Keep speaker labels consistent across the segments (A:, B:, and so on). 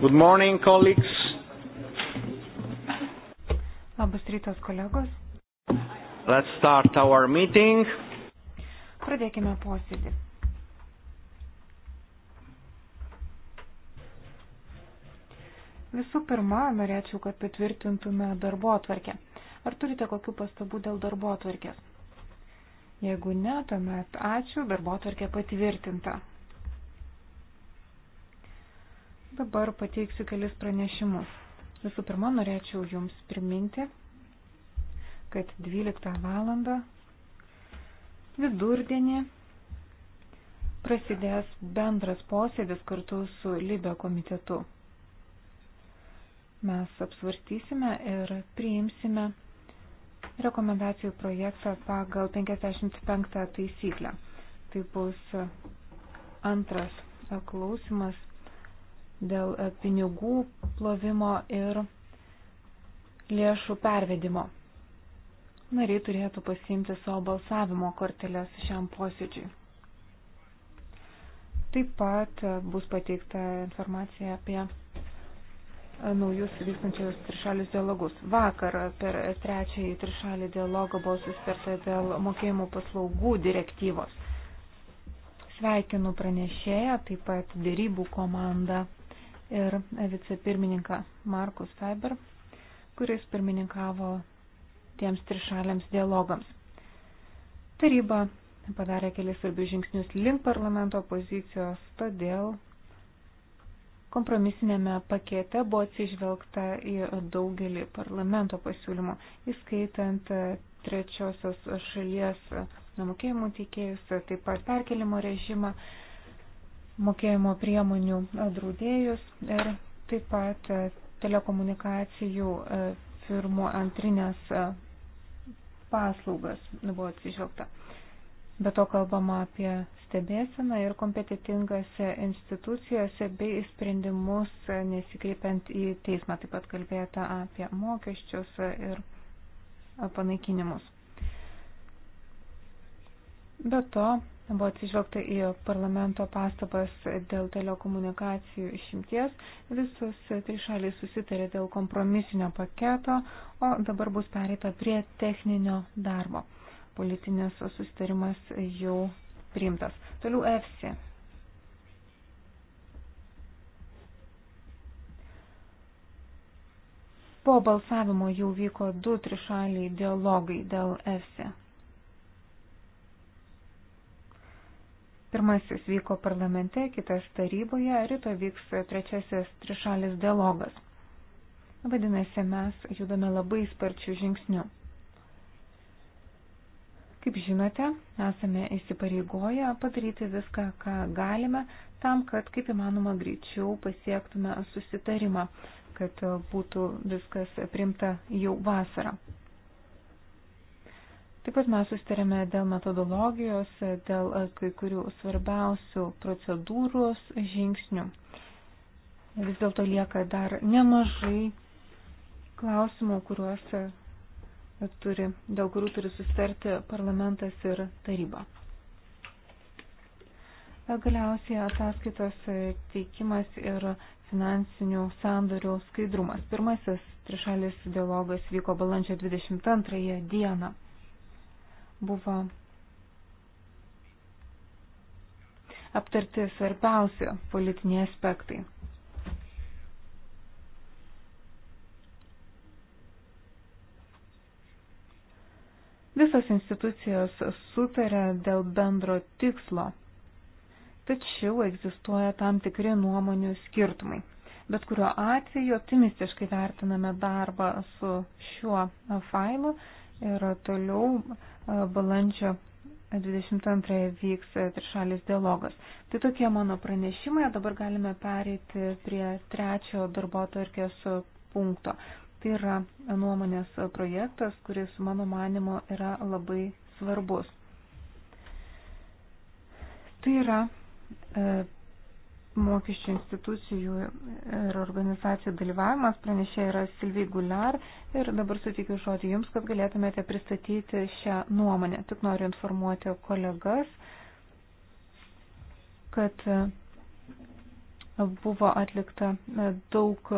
A: Good morning, colleagues. Labas rytas, kolegos. Let's start our meeting. Pradėkime posėdį. Visų pirma, norėčiau, kad patvirtintume darbo atvarkę. Ar turite kokių pastabų dėl darbo atvarkės? Jeigu ne, tuomet ačiū, darbo tvarkė patvirtinta. Dabar pateiksiu kelis pranešimus. Visų pirma, norėčiau Jums priminti, kad 12 val. vidurdienį prasidės bendras posėdis kartu su Libio komitetu. Mes apsvarstysime ir priimsime rekomendacijų projektą pagal 55 taisyklę. Tai bus antras klausimas dėl e, pinigų plovimo ir lėšų pervedimo. Nariai turėtų pasiimti savo balsavimo korteles šiam posėdžiui. Taip pat e, bus pateikta informacija apie E, naujus vykstančius trišalius dialogus. Vakar per trečiąjį trišalį dialogą buvo susitarta dėl mokėjimų paslaugų direktyvos. Sveikinu pranešėją, taip pat dėrybų komandą ir vicepirmininką Markus Faber, kuris pirmininkavo tiems trišaliams dialogams. Taryba padarė kelias svarbius žingsnius link parlamento pozicijos, todėl Kompromisinėme pakete buvo atsižvelgta į daugelį parlamento pasiūlymų, įskaitant e, trečiosios šalies mokėjimų teikėjus, e, taip pat perkelimo režimą, mokėjimo priemonių e, draudėjus ir taip pat telekomunikacijų firmų antrinės paslaugas buvo atsižvelgta. Be to kalbama apie stebėseną ir kompetitingose institucijose bei sprendimus nesikreipiant į teismą. Taip pat kalbėta apie mokesčius ir panaikinimus. Be to buvo atsižvelgta į parlamento pastabas dėl telekomunikacijų išimties. Visos trys šaliai susitarė dėl kompromisinio paketo, o dabar bus pereita prie techninio darbo politinis susitarimas jau priimtas. Toliau EFSI. Po balsavimo jau vyko du trišaliai dialogai dėl EFSI. Pirmasis vyko parlamente, kitas taryboje, ryto vyks trečiasis trišalis dialogas. Vadinasi, mes judame labai sparčių žingsnių. Kaip žinote, esame įsipareigoję padaryti viską, ką galime, tam, kad kaip įmanoma greičiau pasiektume susitarimą, kad būtų viskas primta jau vasarą. Taip pat mes sustarėme dėl metodologijos, dėl kai kurių svarbiausių procedūros žingsnių. Vis dėlto lieka dar nemažai klausimų, kuriuos turi, dėl kurių turi susitarti parlamentas ir taryba. E, galiausiai ataskaitos e, teikimas ir finansinių sandorių skaidrumas. Pirmasis trišalis dialogas vyko balandžio 22 dieną. Buvo aptarti svarbiausi politiniai aspektai. Visos institucijos sutarė dėl bendro tikslo, tačiau egzistuoja tam tikri nuomonių skirtumai. Bet kuriuo atveju optimistiškai vertiname darbą su šiuo failu ir toliau balandžio 22 vyks trišalis dialogas. Tai tokie mano pranešimai, dabar galime pereiti prie trečio darbo tarkės punkto. Tai yra nuomonės projektas, kuris mano manimo yra labai svarbus. Tai yra e, mokesčių institucijų ir organizacijų dalyvavimas, pranešė yra Silvija Guliar ir dabar sutikiu žodį Jums, kad galėtumėte pristatyti šią nuomonę. Tik noriu informuoti kolegas, kad buvo atlikta daug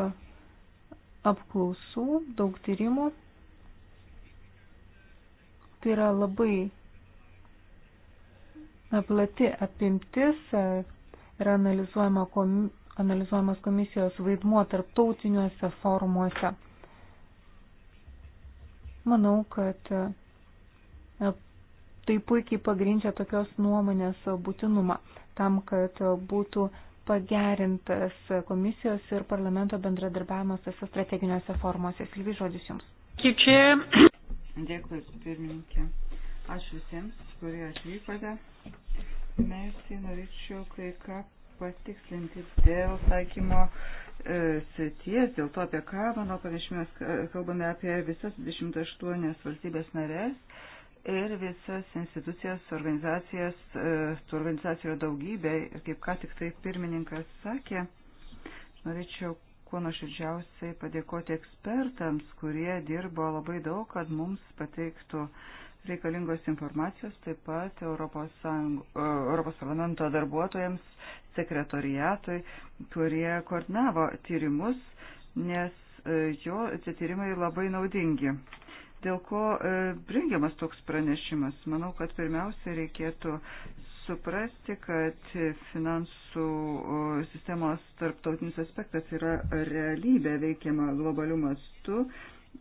A: apklausų, daug tyrimų. Tai yra labai plati apimtis, yra analizuojama komi, analizuojamas komisijos vaidmuo tarptautiniuose forumuose. Manau, kad tai puikiai pagrindžia tokios nuomonės būtinumą tam, kad būtų pagerintas komisijos ir parlamento bendradarbiavimas tose strateginiuose formuose. Silvi, žodis Jums.
B: Kičia. Dėkui, pirmininkė. Ačiū visiems, kurie atvykote. Pirmiausiai norėčiau kai ką patikslinti dėl taikymo e, srities, dėl to, apie ką mano pranešimės e, kalbame apie visas 28 valstybės narės ir visas institucijas, organizacijas, e, tų organizacijų yra daugybė ir kaip ką tik tai pirmininkas sakė, norėčiau kuo nuoširdžiausiai padėkoti ekspertams, kurie dirbo labai daug, kad mums pateiktų reikalingos informacijos, taip pat Europos, Sąjung, e, Europos parlamento darbuotojams, sekretoriatui, kurie koordinavo tyrimus, nes e, jo tie tyrimai labai naudingi dėl ko e, rengiamas toks pranešimas. Manau, kad pirmiausia reikėtų suprasti, kad finansų sistemos tarptautinis aspektas yra realybė veikiama globalių mastų.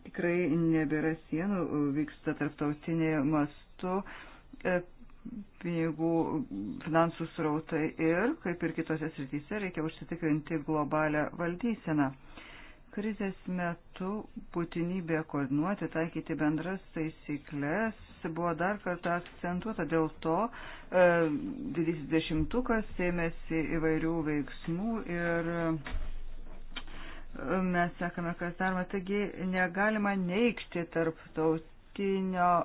B: Tikrai nebėra sienų, vyksta tarptautinė mastu e, pinigų finansų srautai ir, kaip ir kitose srityse, reikia užsitikrinti globalią valdyseną. Krizės metu būtinybė koordinuoti, taikyti bendras taisyklės buvo dar kartą akcentuota. Dėl to e, didysis dešimtukas ėmėsi įvairių veiksmų ir e, mes sekame, kas daroma. Taigi negalima neikti tarptautinio e,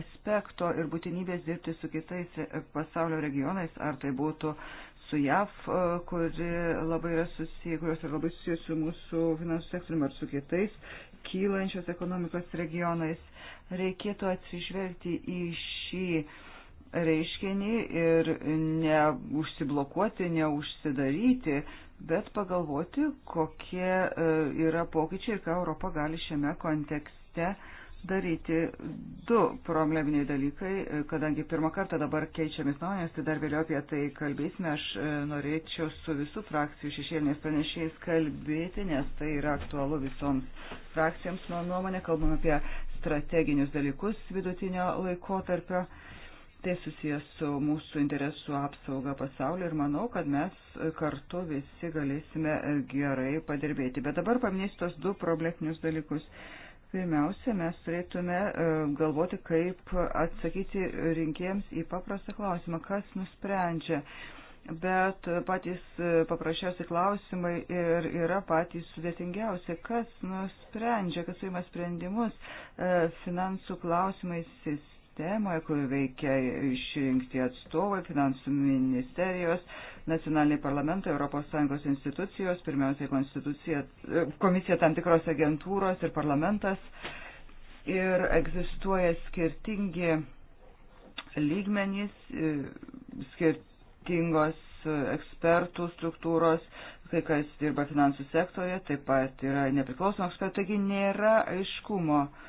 B: aspekto ir būtinybės dirbti su kitais e, pasaulio regionais, ar tai būtų su JAV, e, kuri labai yra susiję, kurios yra labai susiję su mūsų finansų sektoriumi ar su kitais kylančios ekonomikos regionais. Reikėtų atsižvelgti į šį reiškinį ir neužsiblokuoti, neužsidaryti, bet pagalvoti, kokie e, yra pokyčiai ir ką Europa gali šiame kontekste daryti du probleminiai dalykai, kadangi pirmą kartą dabar keičiamis nuomonės, tai dar vėliau apie tai kalbėsime. Aš e, norėčiau su visų frakcijų šešėliniais pranešėjais kalbėti, nes tai yra aktualu visoms frakcijoms, mano nuomonė, kalbam apie strateginius dalykus vidutinio laikotarpio. Tai susijęs su mūsų interesų apsauga pasaulyje ir manau, kad mes kartu visi galėsime gerai padirbėti. Bet dabar paminėsiu tos du probleminius dalykus. Pirmiausia, mes turėtume e, galvoti, kaip atsakyti rinkėjams į paprastą klausimą, kas nusprendžia. Bet patys e, paprasčiausi klausimai ir yra patys sudėtingiausi. Kas nusprendžia, kas suima sprendimus e, finansų klausimais, sistemoje, kur veikia išrinkti atstovai, finansų ministerijos, nacionaliniai parlamentai, ES institucijos, pirmiausiai komisija tam tikros agentūros ir parlamentas. Ir egzistuoja skirtingi lygmenys, skirtingos ekspertų struktūros, kai kas dirba finansų sektorėje, taip pat yra nepriklausomų ekspertų, taigi nėra aiškumo. Uh,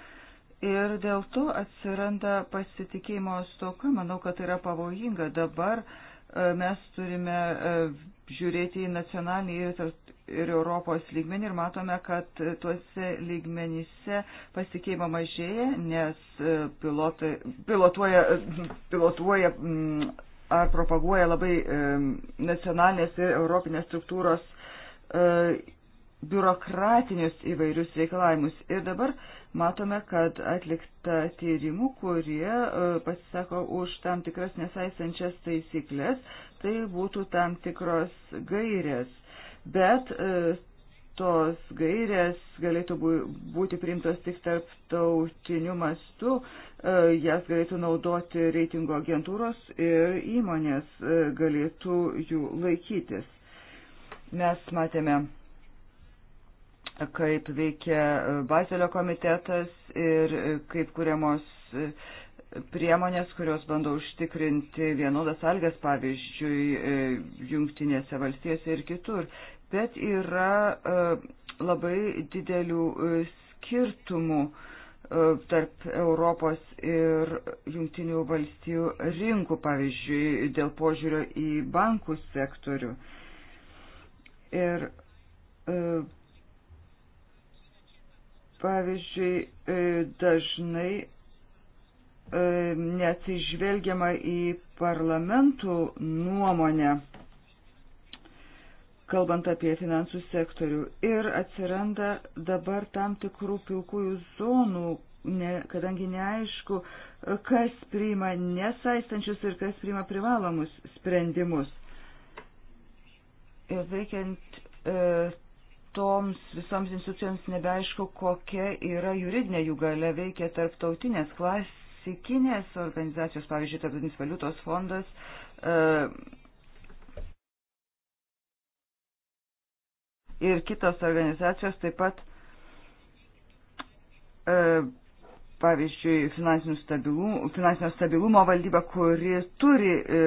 B: Ir dėl to atsiranda pasitikėjimo stoka. Manau, kad tai yra pavojinga. Dabar e, mes turime e, žiūrėti į nacionalinį ir, ir Europos lygmenį ir matome, kad tuose lygmenyse pasikeimo mažėja, nes e, pilotai, pilotuoja, pilotuoja mm, ar propaguoja labai nacionalinės ir europinės struktūros biurokratinius įvairius reikalavimus. Ir dabar matome, kad atlikta tyrimų, kurie e, pasisako už tam tikras nesaisančias taisyklės, tai būtų tam tikros gairės. Bet e, tos gairės galėtų būti priimtos tik tarptautiniu mastu, e, jas galėtų naudoti reitingo agentūros ir įmonės galėtų jų laikytis. Mes matėme kaip veikia Bazelio komitetas ir kaip kuriamos priemonės, kurios bando užtikrinti vienodas algas, pavyzdžiui, jungtinėse valstijose ir kitur. Bet yra e, labai didelių e, skirtumų e, tarp Europos ir jungtinių valstijų rinkų, pavyzdžiui, dėl požiūrio į bankų sektorių. Ir Pavyzdžiui, e, dažnai e, neatsižvelgiama į parlamentų nuomonę, kalbant apie finansų sektorių. Ir atsiranda dabar tam tikrų pilkųjų zonų, ne, kadangi neaišku, kas priima nesaistančius ir kas priima privalomus sprendimus. Ir veikiant e, toms visoms institucijoms nebeaišku, kokia yra juridinė jų gale veikia tarptautinės klasikinės organizacijos, pavyzdžiui, Tarptautinis valiutos fondas. E, ir kitos organizacijos taip pat, e, pavyzdžiui, stabilumo, finansinio stabilumo valdyba, kuri turi e,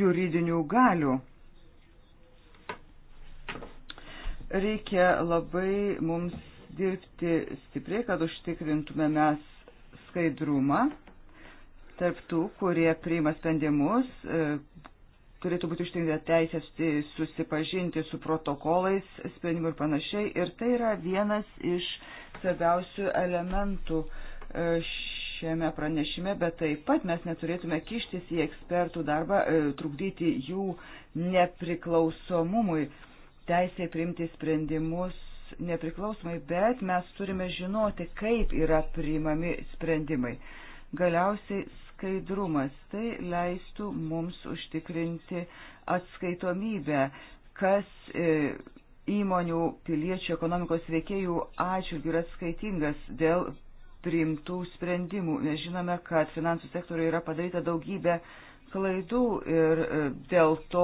B: juridinių galių. Reikia labai mums dirbti stipriai, kad užtikrintume mes skaidrumą tarp tų, kurie priima sprendimus, e, turėtų būti užtikrinta teisė susipažinti su protokolais, sprendimu ir panašiai. Ir tai yra vienas iš svarbiausių elementų e, šiame pranešime, bet taip pat mes neturėtume kištis į ekspertų darbą, e, trukdyti jų nepriklausomumui teisė priimti sprendimus nepriklausomai, bet mes turime žinoti, kaip yra priimami sprendimai. Galiausiai skaidrumas tai leistų mums užtikrinti atskaitomybę, kas e, įmonių, piliečių, ekonomikos veikėjų atžvilgių yra atskaitingas dėl priimtų sprendimų. Mes žinome, kad finansų sektoriuje yra padaryta daugybė klaidų ir e, dėl to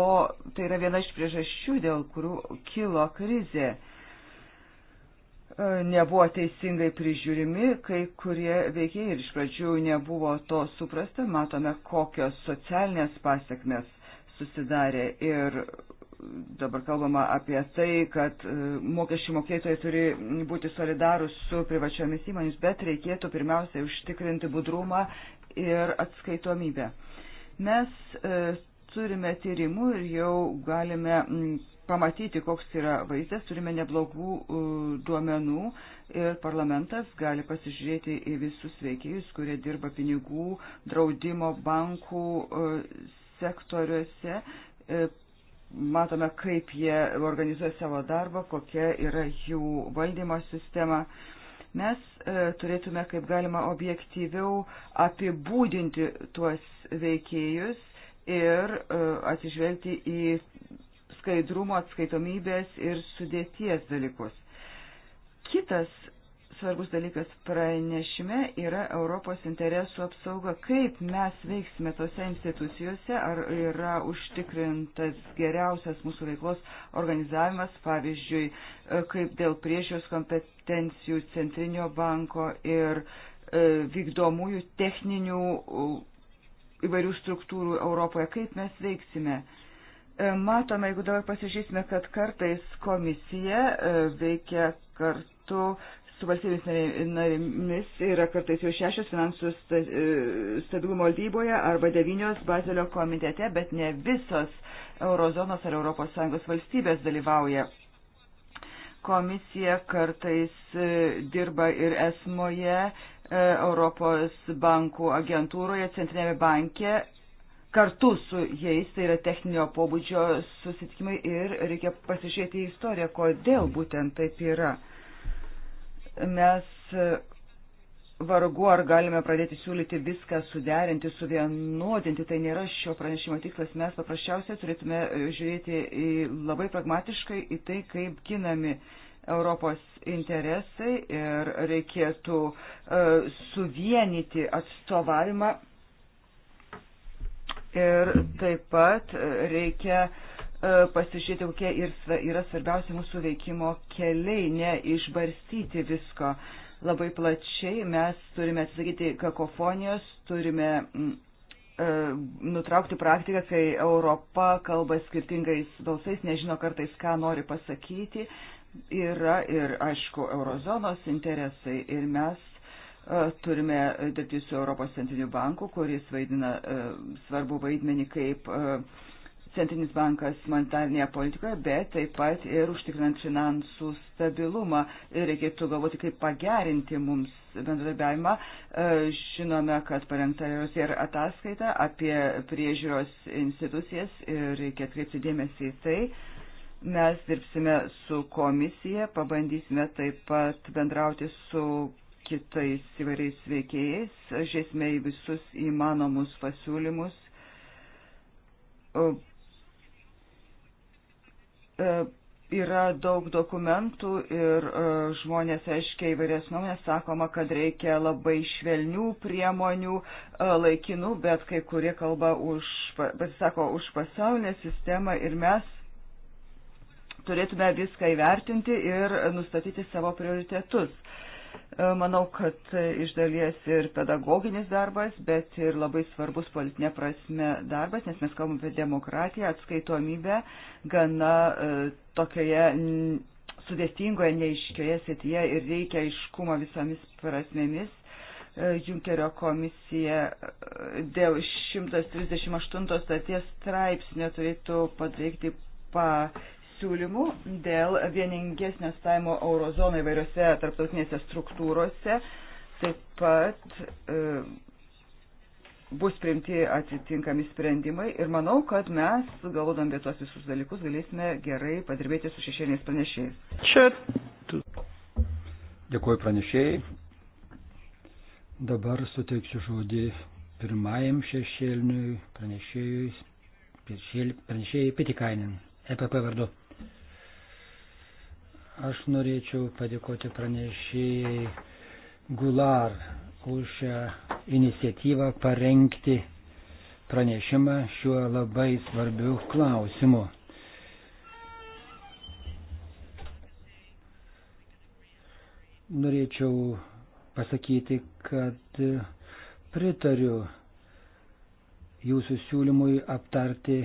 B: tai yra viena iš priežasčių, dėl kurių kilo krizė. E, nebuvo teisingai prižiūrimi, kai kurie veikiai ir iš pradžių nebuvo to suprasta, matome, kokios socialinės pasiekmes susidarė ir dabar kalbama apie tai, kad e, mokesčių mokėtojai turi būti solidarūs su privačiomis įmonėmis, bet reikėtų pirmiausiai užtikrinti budrumą ir atskaitomybę. Mes e, turime tyrimų ir jau galime pamatyti, koks yra vaizdas, turime neblogų duomenų ir parlamentas gali pasižiūrėti į visus veikėjus, kurie dirba pinigų, draudimo, bankų e, sektoriuose. E, matome, kaip jie organizuoja savo darbą, kokia yra jų valdymo sistema. Mes e, turėtume kaip galima objektyviau apibūdinti tuos veikėjus ir e, atsižvelgti į skaidrumo, atskaitomybės ir sudėties dalykus. Kitas svarbus dalykas pranešime yra Europos interesų apsauga. Kaip mes veiksime tose institucijose, ar yra užtikrintas geriausias mūsų veiklos organizavimas, pavyzdžiui, kaip dėl priešios kompetencijų Centrinio banko ir e, vykdomųjų techninių įvairių struktūrų Europoje, kaip mes veiksime e, matome, jeigu dabar pasižiūrėsime, kad kartais komisija e, veikia kartu su valstybės narimis yra kartais jau šešios finansų e, stabilumo valdyboje arba devynios Bazelio komitete, bet ne visos Eurozonos ar ES valstybės dalyvauja. Komisija kartais e, dirba ir esmoje, e, Europos bankų agentūroje, centrinėme banke, kartu su jais, tai yra techninio pobūdžio susitikimai ir reikia pasižiūrėti į istoriją, kodėl būtent taip yra mes e, vargu ar galime pradėti siūlyti viską suderinti, suvienodinti, tai nėra šio pranešimo tikslas. Mes paprasčiausiai turėtume e, žiūrėti į labai pragmatiškai į tai, kaip ginami Europos interesai ir reikėtų uh, suvienyti atstovavimą ir taip pat reikia uh, E, pasižiūrėti, kokie ir yra svarbiausi mūsų veikimo keliai, neišbarstyti visko labai plačiai. Mes turime atsakyti kakofonijos, turime mm, e, nutraukti praktiką, kai Europa kalba skirtingais balsais, nežino kartais, ką nori pasakyti. Yra ir, aišku, eurozonos interesai ir mes e, turime dirbti su Europos centriniu banku, kuris vaidina svarbu vaidmenį kaip uh, Centrinis bankas monetarnėje politikoje, bet taip pat ir užtikrinant finansų stabilumą. Reikėtų galvoti, kaip pagerinti mums bendradarbiavimą. E, žinome, kad parengta ir ataskaita apie priežiūros institucijas ir reikia atkreipti dėmesį į tai. Mes dirbsime su komisija, pabandysime taip pat bendrauti su kitais įvairiais veikėjais, žiūrėsime į visus įmanomus pasiūlymus E, yra daug dokumentų ir e, žmonės aiškiai įvairias nuomonės sakoma, kad reikia labai švelnių priemonių, e, laikinų, bet kai kurie kalba už, pasisako už pasaulinę sistemą ir mes turėtume viską įvertinti ir nustatyti savo prioritetus. E, manau, kad iš dalies ir pedagoginis darbas, bet ir labai svarbus politinė prasme darbas, nes mes kalbame apie demokratiją, atskaitomybę gana e, tokioje sudėtingoje, neiškioje srityje ir reikia aiškumo visomis prasmėmis. E, Junkerio komisija dėl 138 staties straipsnio turėtų padaryti pa pasiūlymų dėl vieningesnio stavimo eurozono įvairiose tarptautinėse struktūrose. Taip pat e, bus priimti atitinkami sprendimai ir manau, kad mes, galvodami apie tuos visus dalykus, galėsime gerai padirbėti su šešėliniais pranešėjais. Čia.
C: Dėkuoju pranešėjai. Dabar suteiksiu žodį pirmajam šešėliniui pranešėjui, pranešėjai Pitikainin, EPP vardu. Aš norėčiau padėkoti pranešėjai Gular už iniciatyvą parengti pranešimą šiuo labai svarbiu klausimu. Norėčiau pasakyti, kad pritariu jūsų siūlymui aptarti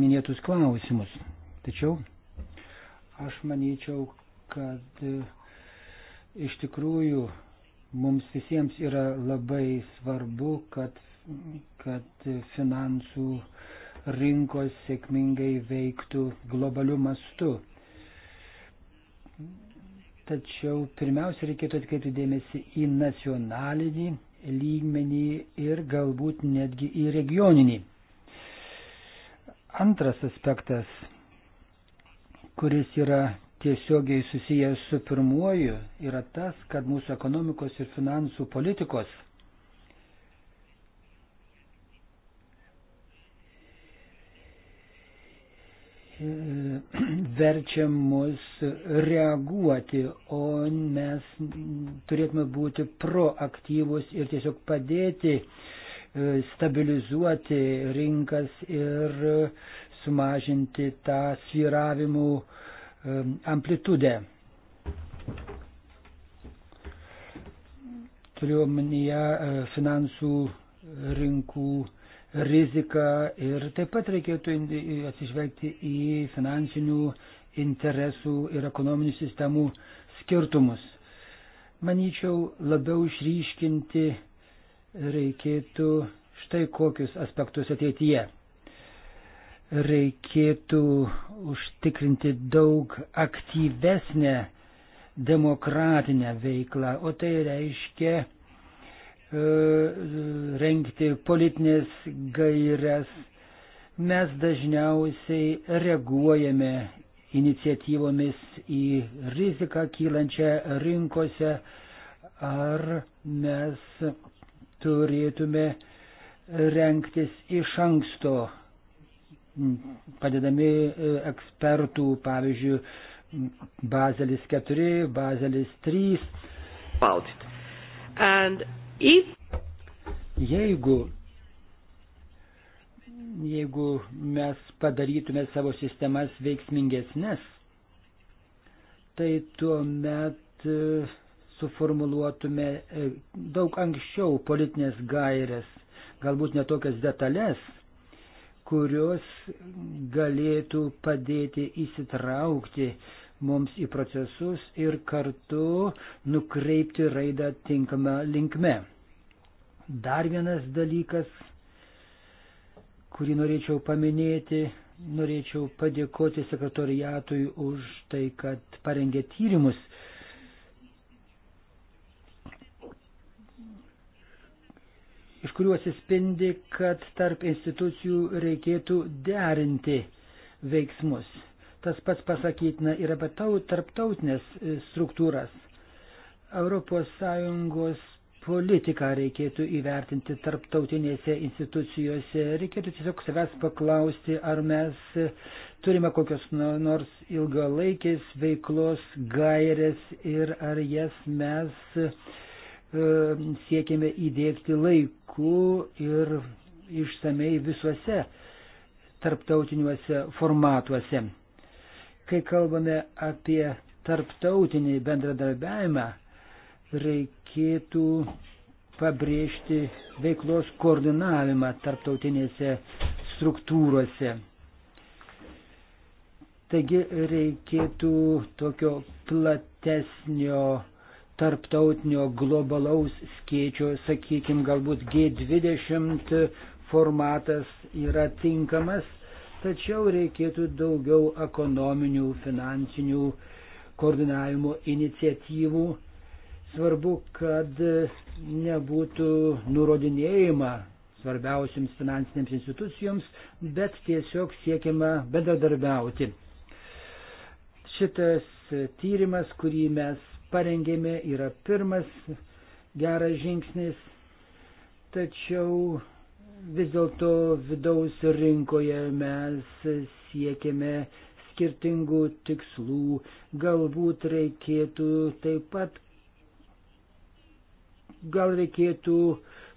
C: minėtus klausimus. Tačiau Aš manyčiau, kad e, iš tikrųjų mums visiems yra labai svarbu, kad, kad finansų rinkos sėkmingai veiktų globaliu mastu. Tačiau pirmiausia, reikėtų atkreipti dėmesį į nacionalinį lygmenį ir galbūt netgi į regioninį. Antras aspektas kuris yra tiesiogiai susijęs su pirmuoju, yra tas, kad mūsų ekonomikos ir finansų politikos verčia mus reaguoti, o mes turėtume būti proaktyvus ir tiesiog padėti e, stabilizuoti rinkas ir sumažinti tą sviravimų amplitudę. Turiu omenyje e, finansų rinkų riziką ir taip pat reikėtų atsižvelgti į finansinių interesų ir ekonominių sistemų skirtumus. Manyčiau, labiau išryškinti reikėtų štai kokius aspektus ateityje reikėtų užtikrinti daug aktyvesnę demokratinę veiklą, o tai reiškia e, rengti politinės gairias. Mes dažniausiai reaguojame iniciatyvomis į riziką kylančią rinkose, ar mes turėtume renktis iš anksto padedami e, ekspertų, pavyzdžiui, Bazelis 4, Bazelis 3. If... Jeigu, jeigu mes padarytume savo sistemas veiksmingesnės, tai tuomet e, suformuluotume e, daug anksčiau politinės gairės, galbūt netokias detalės, kurios galėtų padėti įsitraukti mums į procesus ir kartu nukreipti raidą tinkamą linkme. Dar vienas dalykas, kurį norėčiau paminėti, norėčiau padėkoti sekretoriatui už tai, kad parengė tyrimus iš kurių atsispindi, kad tarp institucijų reikėtų derinti veiksmus. Tas pats pasakytina ir apie tarptautinės e, struktūras. ES politiką reikėtų įvertinti tarptautinėse institucijose. Reikėtų tiesiog savęs paklausti, ar mes e, turime kokios nu, nors ilgalaikės veiklos gairės ir ar jas mes Ehm, siekėme įdėkti laiku ir išsamei visuose tarptautiniuose formatuose. Kai kalbame apie tarptautinį bendradarbiavimą, reikėtų pabrėžti veiklos koordinavimą tarptautinėse struktūrose. Taigi reikėtų tokio platesnio tarptautinio globalaus skėčio, sakykime, galbūt G20 formatas yra tinkamas, tačiau reikėtų daugiau ekonominių, finansinių koordinavimo iniciatyvų. Svarbu, kad nebūtų nurodinėjama svarbiausiams finansinėms institucijoms, bet tiesiog siekiama bendradarbiauti. Šitas tyrimas, kurį mes parengėme, yra pirmas geras žingsnis, tačiau vis dėlto vidaus rinkoje mes siekiame skirtingų tikslų, galbūt reikėtų taip pat, gal reikėtų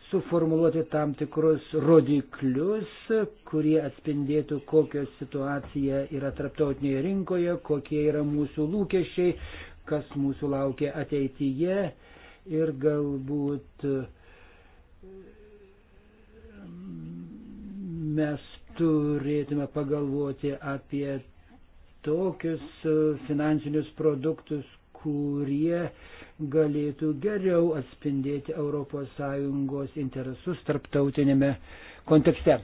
C: suformuluoti tam tikrus rodiklius, kurie atspindėtų, kokia situacija yra traptautinėje rinkoje, kokie yra mūsų lūkesčiai, kas mūsų laukia ateityje ir galbūt mm, mes turėtume pagalvoti apie tokius finansinius produktus, kurie galėtų geriau atspindėti ES interesus tarptautinėme kontekste.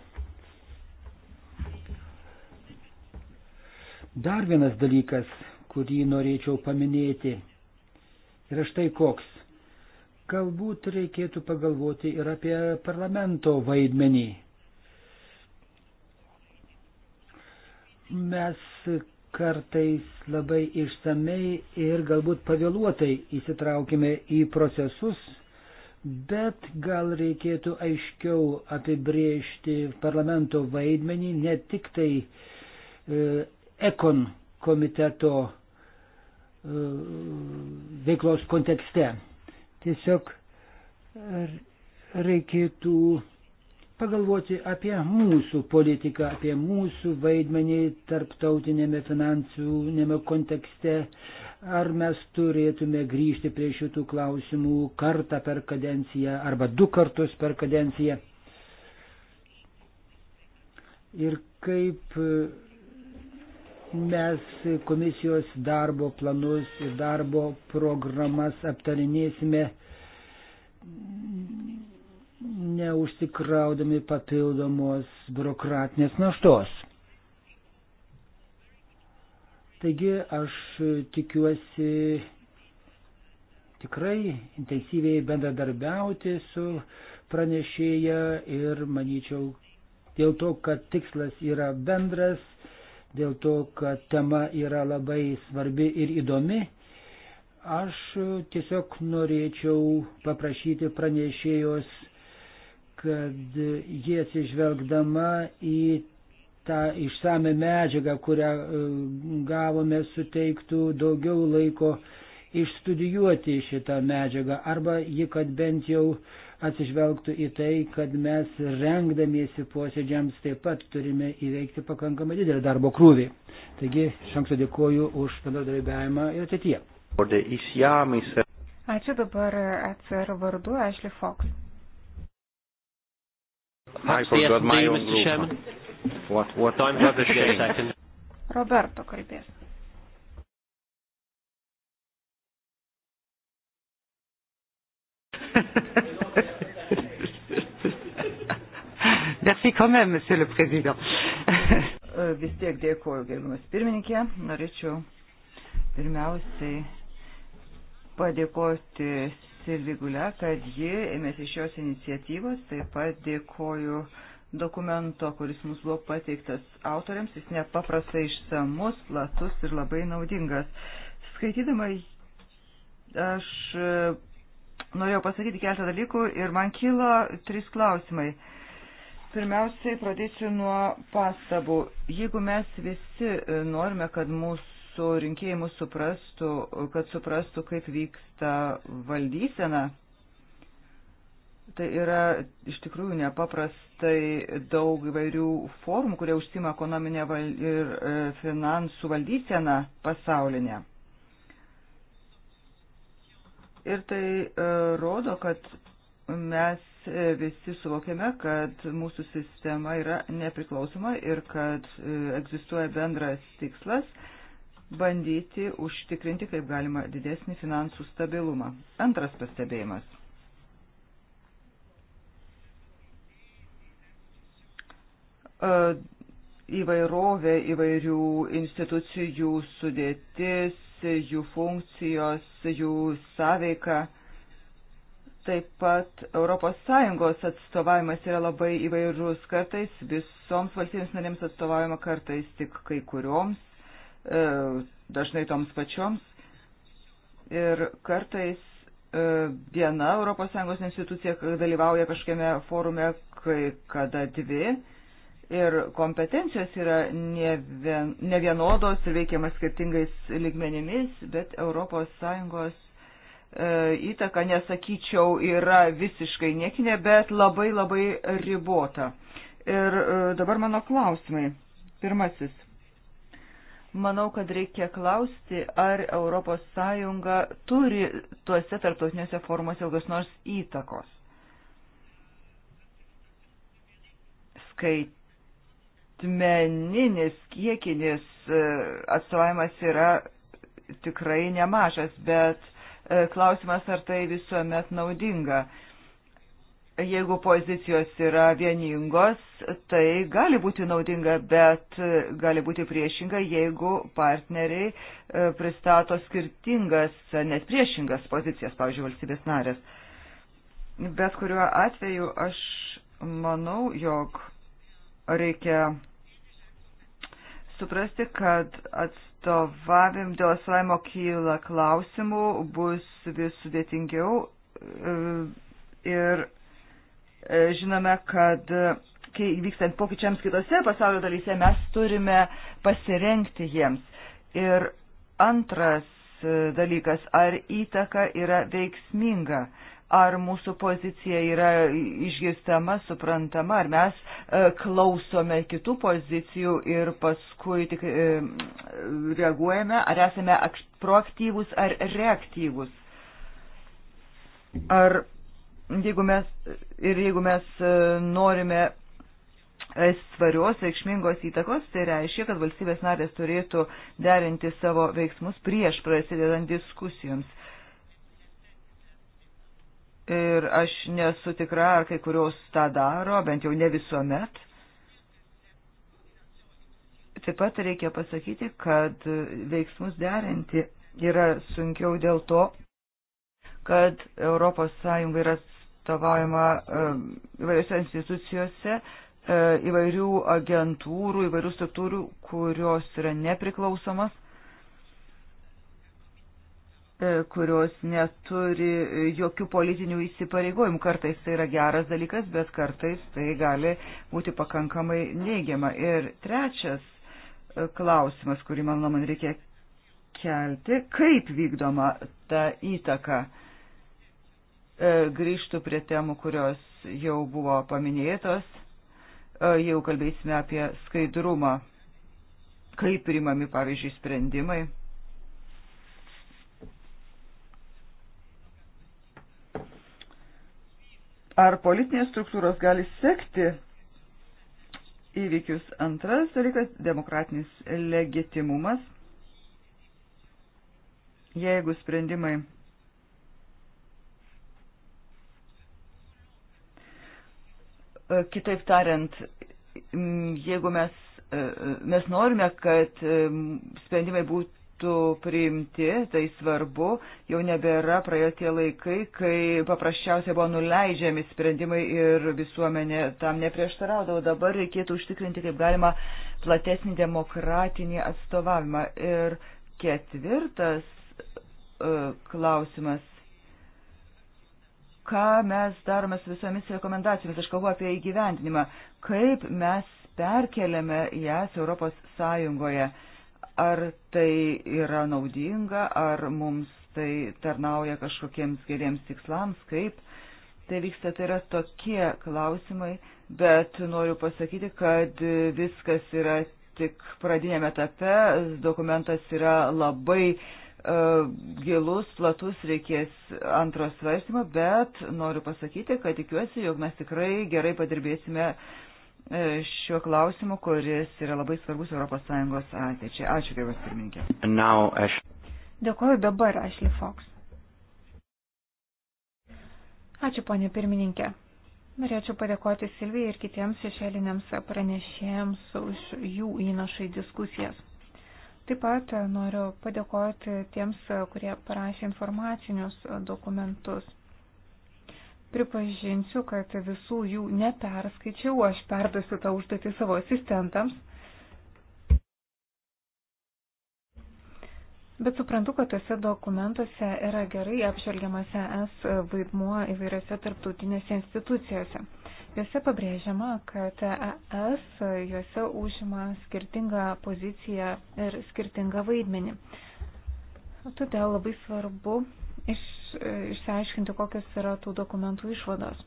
C: Dar vienas dalykas kurį norėčiau paminėti. Ir štai koks. Galbūt reikėtų pagalvoti ir apie parlamento vaidmenį. Mes kartais labai išsamei ir galbūt pavėluotai įsitraukime į procesus, bet gal reikėtų aiškiau apibriežti parlamento vaidmenį ne tik tai e, ekon komiteto E, veiklos kontekste. Tiesiog reikėtų pagalvoti apie mūsų politiką, apie mūsų vaidmenį tarptautinėme finansinėme kontekste. Ar mes turėtume grįžti prie šitų klausimų kartą per kadenciją arba du kartus per kadenciją. Ir kaip Mes komisijos darbo planus ir darbo programas aptarinėsime neužsikraudami papildomos biurokratinės naštos. Taigi aš tikiuosi tikrai intensyviai bendradarbiauti su pranešėja ir manyčiau dėl to, kad tikslas yra bendras, dėl to, kad tema yra labai svarbi ir įdomi. Aš tiesiog norėčiau paprašyti pranešėjos, kad jie atsižvelgdama į tą išsame medžiagą, kurią e, gavome, suteiktų daugiau laiko išstudijuoti šitą medžiagą arba ji, kad bent jau uh, atsižvelgtų į tai, kad mes rengdamiesi posėdžiams taip pat turime įveikti pakankamai didelį darbo krūvį. Taigi, šankso dėkoju už bendradarbiavimą ir ateityje.
A: Ačiū dabar atsar vardu Ashley Fox.
C: I forgot my own group. What, what, what I'm not ashamed.
B: Roberto kalbės. Merci quand même, monsieur le président. Vis tiek dėkuoju, gerbimas pirmininkė. Norėčiau pirmiausiai padėkoti Silvigulę, kad ji ėmėsi šios iniciatyvos. Taip pat dėkoju dokumento, kuris mums buvo pateiktas autoriams. Jis nepaprastai išsamus, platus ir labai naudingas. Skaitydama aš norėjau pasakyti keletą dalykų ir man kilo trys klausimai. Pirmiausiai pradėsiu nuo pastabų. Jeigu mes visi e, norime, kad mūsų rinkėjai mūsų suprastų, kad suprastų, kaip vyksta valdysena, tai yra iš tikrųjų nepaprastai daug įvairių formų, kurie užsima ekonominę val... ir e, finansų valdyseną pasaulinę. Ir tai e, rodo, kad mes e, visi suvokiame, kad mūsų sistema yra nepriklausoma ir kad e, egzistuoja bendras tikslas bandyti užtikrinti kaip galima didesnį finansų stabilumą. Antras pastebėjimas. Įvairovė įvairių institucijų sudėtis, jų funkcijos, jų sąveika. Taip pat ES atstovavimas yra labai įvairus, kartais visoms valstybėms narėms atstovaujama, kartais tik kai kurioms, e, dažnai toms pačioms. Ir kartais e, viena ES institucija dalyvauja kažkokiame forume, kai kada dvi ir kompetencijos yra ne, vien, ne vienodos ir veikiamas skirtingais ligmenimis, bet ES e, įtaka, nesakyčiau, yra visiškai niekinė, bet labai labai ribota. Ir e, dabar mano klausimai. Pirmasis. Manau, kad reikia klausti, ar ES turi tuose tarptautiniuose formuose kokios nors įtakos. Skait skaitmeninis kiekinis e, atstovavimas yra tikrai nemažas, bet e, klausimas, ar tai visuomet naudinga. Jeigu pozicijos yra vieningos, tai gali būti naudinga, bet e, gali būti priešinga, jeigu partneriai pristato skirtingas, net priešingas pozicijas, pavyzdžiui, valstybės narės. Bet kuriuo atveju aš manau, jog reikia suprasti, kad atstovavim dėl atstovavimo kyla klausimų, bus vis sudėtingiau e, ir e, žinome, kad e, kai vykstant pokyčiams kitose pasaulio dalyse mes turime pasirenkti jiems. Ir antras dalykas, ar įtaka yra veiksminga ar mūsų pozicija yra išgirstama, suprantama, ar mes e, klausome kitų pozicijų ir paskui tik e, reaguojame, ar esame proaktyvus ar reaktyvus. Ar jeigu mes, ir jeigu mes e, norime svarios reikšmingos įtakos, tai reiškia, kad valstybės narės turėtų derinti savo veiksmus prieš prasidedant diskusijoms ir aš nesu tikra, ar kai kurios tą daro, bent jau ne visuomet. Taip pat reikia pasakyti, kad veiksmus derinti yra sunkiau dėl to, kad ES yra atstovaujama įvairiose institucijose, įvairių agentūrų, įvairių struktūrų, kurios yra nepriklausomas E, kurios neturi jokių politinių įsipareigojimų. Kartais tai yra geras dalykas, bet kartais tai gali būti pakankamai neigiama. Ir trečias e, klausimas, kurį man man reikia kelti, kaip vykdoma ta įtaka. E, Grįžtų prie temų, kurios jau buvo paminėtos. Jau kalbėsime apie skaidrumą, kaip primami, pavyzdžiui, sprendimai Ar politinės struktūros gali sekti įvykius? Antras dalykas - demokratinis legitimumas. Jeigu sprendimai Kitaip tariant, jeigu mes, mes norime, kad sprendimai būtų būtų priimti, tai svarbu, jau nebėra praėjo tie laikai, kai paprasčiausiai buvo nuleidžiami sprendimai ir visuomenė tam neprieštaraudavo. Dabar reikėtų užtikrinti kaip galima platesnį demokratinį atstovavimą. Ir ketvirtas uh, klausimas ką mes darome su visomis rekomendacijomis, aš kalbu apie įgyvendinimą, kaip mes perkeliame jas Europos Sąjungoje. Uh, ar tai yra naudinga, ar mums tai tarnauja kažkokiems geriems tikslams, kaip tai vyksta, tai yra tokie klausimai, bet noriu pasakyti, kad viskas yra tik pradinėme etape, dokumentas yra labai uh, gilus, platus, reikės antro svarstymo, bet noriu pasakyti, kad tikiuosi, jog mes tikrai gerai padirbėsime uh, E, šiuo klausimu, kuris yra labai svarbus ES ateičiai. Ačiū, gerbas pirmininkė.
C: Aš...
A: Dėkuoju dabar, Ashley Fox. Ačiū, ponė pirmininkė. Norėčiau padėkoti Silvijai ir kitiems šešėliniams pranešėjams už jų įnašą į diskusijas. Taip pat noriu padėkoti tiems, kurie parašė informacinius dokumentus. Pripažinsiu, kad visų jų neperskaičiau, aš perduosiu tą užduotį savo asistentams. Bet suprantu, kad tuose dokumentuose yra gerai apžvelgiamas ES vaidmuo įvairiose tarptautinėse institucijose. Juose pabrėžiama, kad ES juose užima skirtingą poziciją ir skirtingą vaidmenį. Todėl labai svarbu iš, e, išsiaiškinti, kokios yra tų dokumentų išvados.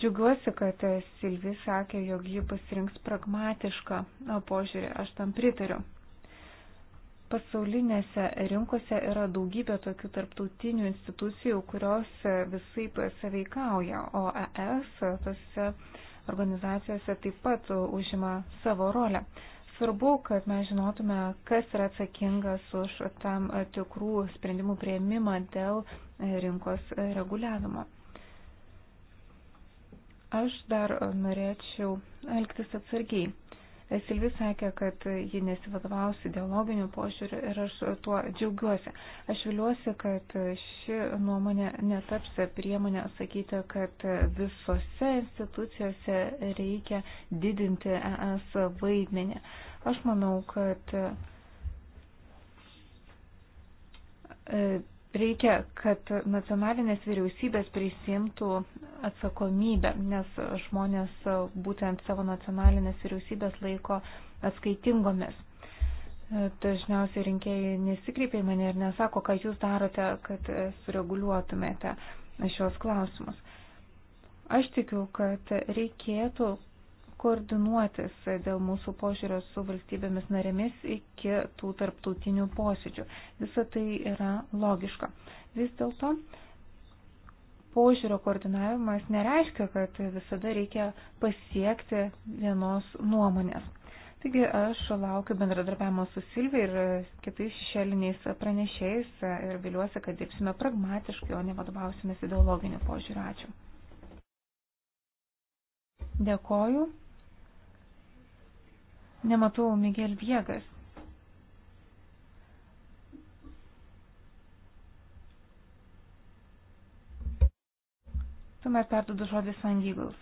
A: Džiugiuosi, kad Silvi sakė, jog ji pasirinks pragmatišką požiūrį, aš tam pritariu. Pasaulinėse rinkose yra daugybė tokių tarptautinių institucijų, kurios visai saveikauja, o ES tose organizacijose taip pat užima savo rolę svarbu, kad mes žinotume, kas yra atsakingas už tam tikrų sprendimų prieimimą dėl e, rinkos e, reguliavimo. Aš dar norėčiau elgtis atsargiai. E, Silvi sakė, kad ji nesivadovaus ideologiniu požiūriu ir aš tuo džiaugiuosi. Aš viliuosi, kad ši nuomonė netaps priemonė sakyti, kad visose institucijose reikia didinti ES vaidmenį. Aš manau, kad e, reikia, kad nacionalinės vyriausybės prisimtų atsakomybę, nes žmonės būtent savo nacionalinės vyriausybės laiko atskaitingomis. E, dažniausiai rinkėjai nesikreipia į mane ir nesako, ką jūs darote, kad e, sureguliuotumėte šios klausimus. Aš tikiu, kad reikėtų koordinuotis dėl mūsų požiūrio su valstybėmis narėmis iki tų tarptautinių posėdžių. Visa tai yra logiška. Vis dėlto požiūrio koordinavimas nereiškia, kad visada reikia pasiekti vienos nuomonės. Taigi aš laukiu bendradarbiavimo su Silvija ir kitais šešėliniais pranešėjais ir viliuosi, kad dirbsime pragmatiškai, o ne vadovausimės ideologiniu požiūriu. Ačiū. Dėkoju. Nematau Miguel Viegas. Tuomet perdudu žodį Sangygals.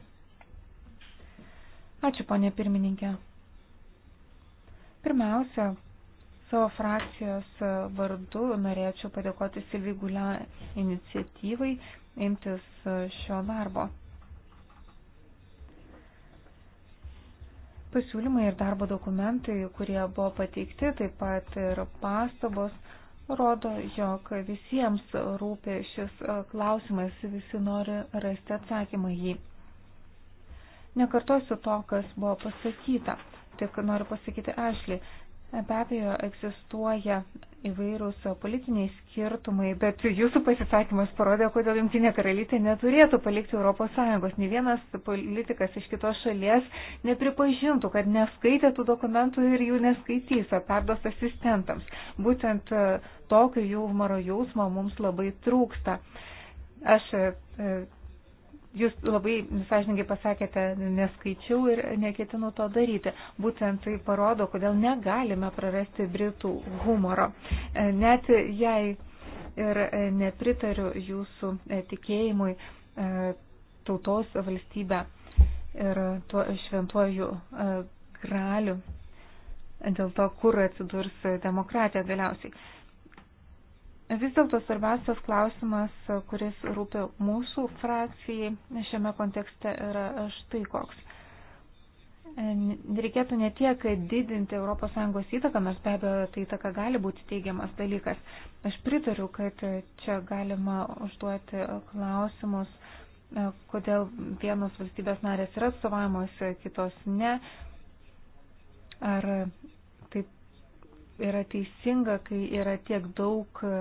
A: Ačiū, ponė pirmininkė. Pirmiausia, savo frakcijos vardu norėčiau padėkoti Silvigulę iniciatyvai imtis šio darbo. Pasiūlymai ir darbo dokumentai, kurie buvo pateikti, taip pat ir pastabos, rodo, jog visiems rūpi šis klausimas, visi nori rasti atsakymą jį. Nekartosiu to, kas buvo pasakyta, tik noriu pasakyti Ašlį, Be abejo, egzistuoja įvairūs politiniai skirtumai, bet jūsų pasisakymas parodė, kodėl Junktinė karalystė neturėtų palikti ES. Ne vienas politikas iš kitos šalies nepripažintų, kad neskaitė tų dokumentų ir jų neskaitys, ar perdos asistentams. Būtent tokio jų humoro jausmo mums labai trūksta. Aš e, Jūs labai sąžininkai pasakėte, neskaičiau ir neketinu to daryti. Būtent tai parodo, kodėl negalime prarasti britų humoro. E, net jei ir nepritariu jūsų e, tikėjimui e, tautos valstybę ir tuo šventuoju graliu, dėl to, kur atsidurs demokratija galiausiai. Vis dėlto svarbiausias klausimas, kuris rūpi mūsų frakcijai šiame kontekste yra štai koks. Reikėtų ne tiek didinti ES įtaką, nors be abejo tai įtaka gali būti teigiamas dalykas. Aš pritariu, kad čia galima užduoti klausimus, kodėl vienos valstybės narės yra atstovavimas, kitos ne. Ar yra teisinga, kai yra tiek daug e,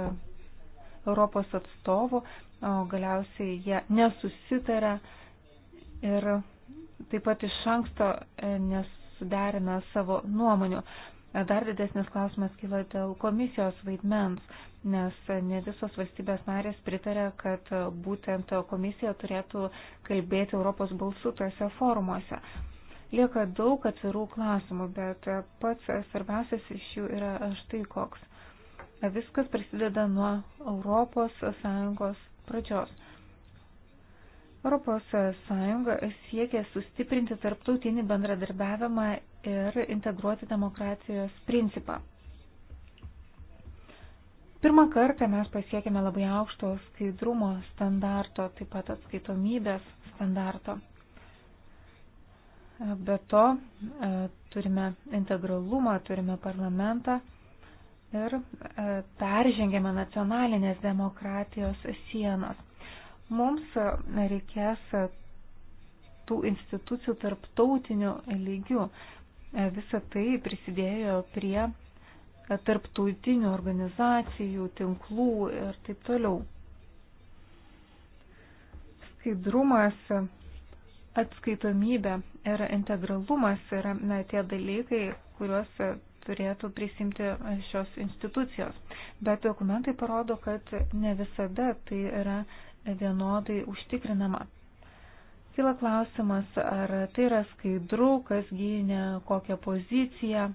A: Europos atstovų, o galiausiai jie nesusitaria ir taip pat iš anksto e, nesuderina savo nuomonių. E, dar didesnis klausimas kyla dėl komisijos vaidmens, nes ne visos valstybės narės pritarė, kad būtent komisija turėtų kalbėti Europos balsų tose formuose. Lieka daug atvirų klausimų, bet pats svarbiausias iš jų yra štai koks. Viskas prasideda nuo ES pradžios. ES siekia sustiprinti tarptautinį bendradarbiavimą ir integruoti demokratijos principą. Pirmą kartą mes pasiekėme labai aukšto skaidrumo standarto, taip pat atskaitomybės standarto. Be to e, turime integralumą, turime parlamentą ir e, peržengėme nacionalinės demokratijos sienos. Mums e, reikės tų institucijų tarptautinių lygių. Visa tai prisidėjo prie tarptautinių organizacijų, tinklų ir taip toliau. Skaidrumas atskaitomybė ir integralumas yra na, tie dalykai, kuriuos turėtų prisimti šios institucijos. Bet dokumentai parodo, kad ne visada tai yra vienodai užtikrinama. Kila klausimas, ar tai yra skaidru, kas gynė kokią poziciją,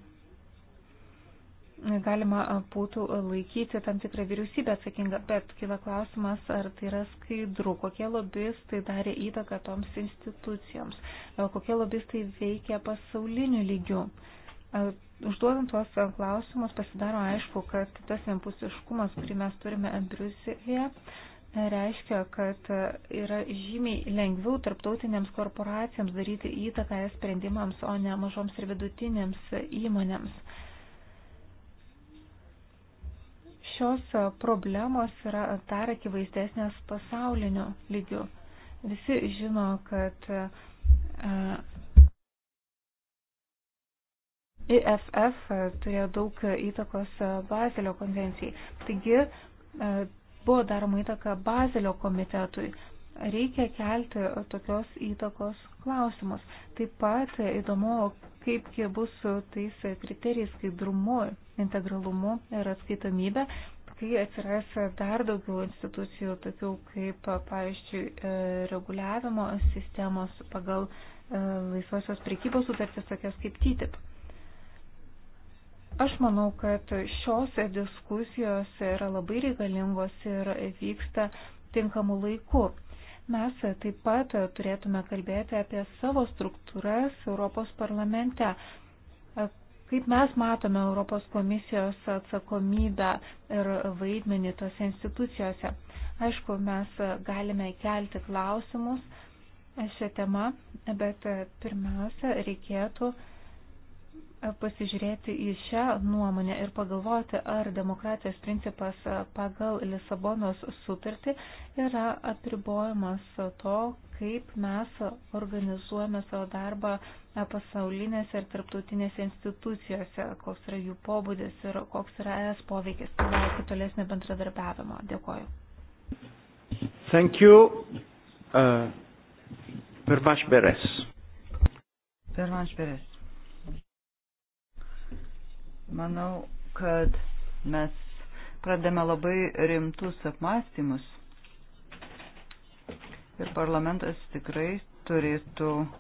A: galima būtų laikyti tam tikrą vyriausybę atsakingą, bet kila klausimas, ar tai yra skaidru, kokie lobistai darė įtaką toms institucijoms, kokie lobistai veikia pasauliniu lygiu. Užduodant tuos klausimus pasidaro aišku, kad tas vienpusiškumas, kurį mes turime Briuselėje, reiškia, kad yra žymiai lengviau tarptautinėms korporacijams daryti įtaką sprendimams, o ne mažoms ir vidutinėms įmonėms. šios e, problemos yra dar akivaizdesnės pasauliniu lygiu. Visi žino, kad e, IFF e, turėjo daug įtakos Bazelio konvencijai. Taigi buvo daroma įtaka Bazelio komitetui. Reikia kelti tokios įtakos klausimus. Taip pat įdomu, kaip jie bus su tais kriterijais skaidrumu, integralumu ir atskaitomybė, kai atsiras dar daugiau institucijų, tokių kaip, pavyzdžiui, e, reguliavimo sistemos pagal e, laisvosios prekybos sutartis, tokias kaip TTIP. Aš manau, kad šios diskusijos yra labai reikalingos ir vyksta tinkamu laiku. Mes taip pat turėtume kalbėti apie savo struktūras Europos parlamente. Kaip mes matome Europos komisijos atsakomybę ir vaidmenį tose institucijose. Aišku, mes galime kelti klausimus šią temą, bet pirmiausia, reikėtų pasižiūrėti į šią nuomonę ir pagalvoti, ar demokratijos principas pagal Lisabonos sutartį yra apribojamas to, kaip mes organizuojame savo darbą pasaulinėse ir tarptautinėse institucijose, koks yra jų pobūdis ir koks yra es poveikis. Laukiu tolesnio bendradarbiavimo. Dėkoju.
C: Thank you. Uh, Pervaš
A: Beres.
B: Pervaš Beres. Manau, kad mes pradame labai rimtus apmąstymus ir parlamentas tikrai turėtų e,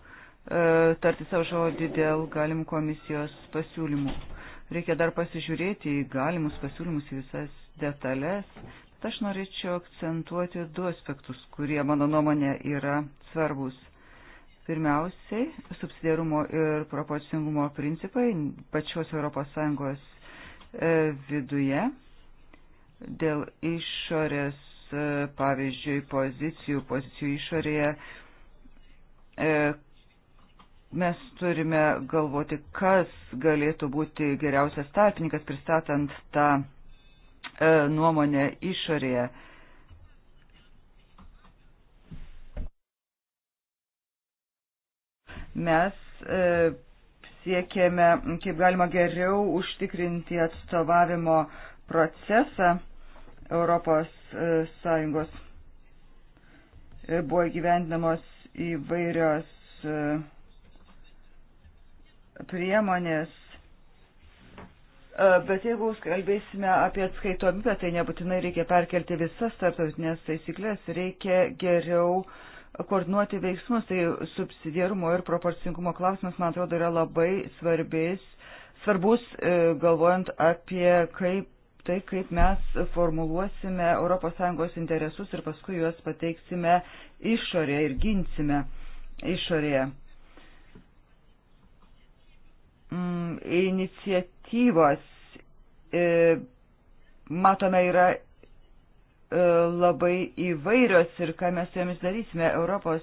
B: tarti savo žodį dėl galimų komisijos pasiūlymų. Reikia dar pasižiūrėti į galimus pasiūlymus, į visas detalės, bet aš norėčiau akcentuoti du aspektus, kurie mano nuomonė yra svarbus. Pirmiausiai, subsidiarumo ir proporcingumo principai pačios ES e, viduje dėl išorės, e, pavyzdžiui, pozicijų, pozicijų išorėje. E, mes turime galvoti, kas galėtų būti geriausias tarpininkas pristatant tą nuomonę išorėje. Mes e, siekėme, kaip galima geriau, užtikrinti atstovavimo procesą Europos e, Sąjungos. E, buvo gyvendinamos įvairios priemonės Bet jeigu kalbėsime apie atskaitomybę, tai nebūtinai reikia perkelti visas tarptautinės taisyklės, reikia geriau koordinuoti veiksmus, tai subsidiarumo ir proporcingumo klausimas, man atrodo, yra labai svarbis, svarbus, e, galvojant apie kaip, tai, kaip mes formuluosime ES interesus ir paskui juos pateiksime išorėje ir ginsime išorėje. Mm, iniciatyvos, e, matome, yra E, labai įvairios ir ką mes su jomis darysime. Europos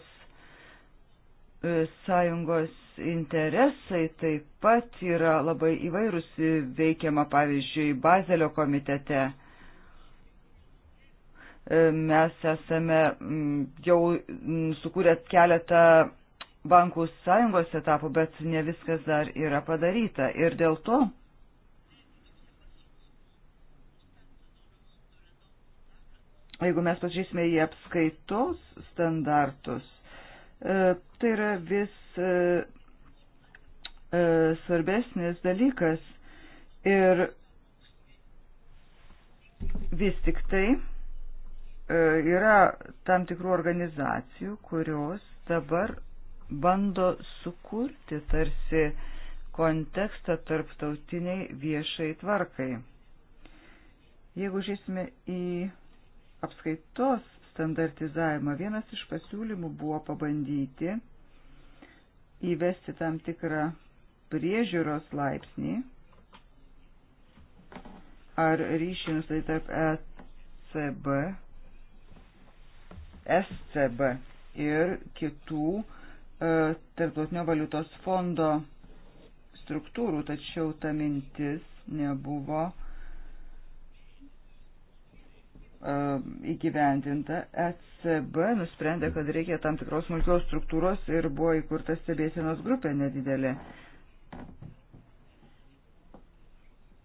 B: e, Sąjungos interesai taip pat yra labai įvairūs e, veikiama, pavyzdžiui, Bazelio komitete. Mes esame jau sukūrę keletą bankų sąjungos etapų, bet ne viskas dar yra padaryta. Ir dėl to jeigu mes pažiūrėsime į apskaitos standartus, e, tai yra vis e, e, svarbesnis dalykas ir vis tik tai yra tam tikrų organizacijų, kurios dabar bando sukurti tarsi kontekstą tarptautiniai viešai tvarkai. Jeigu žiūrėsime į apskaitos standartizavimą. Vienas iš pasiūlymų buvo pabandyti įvesti tam tikrą priežiūros laipsnį ar ryšį nustatyti tarp ECB, SCB ir kitų e, tarptautinio valiutos fondo struktūrų, tačiau ta mintis nebuvo e, įgyvendinta. ECB nusprendė, kad reikia tam tikros smulkios struktūros ir buvo įkurta stebėsienos grupė nedidelė.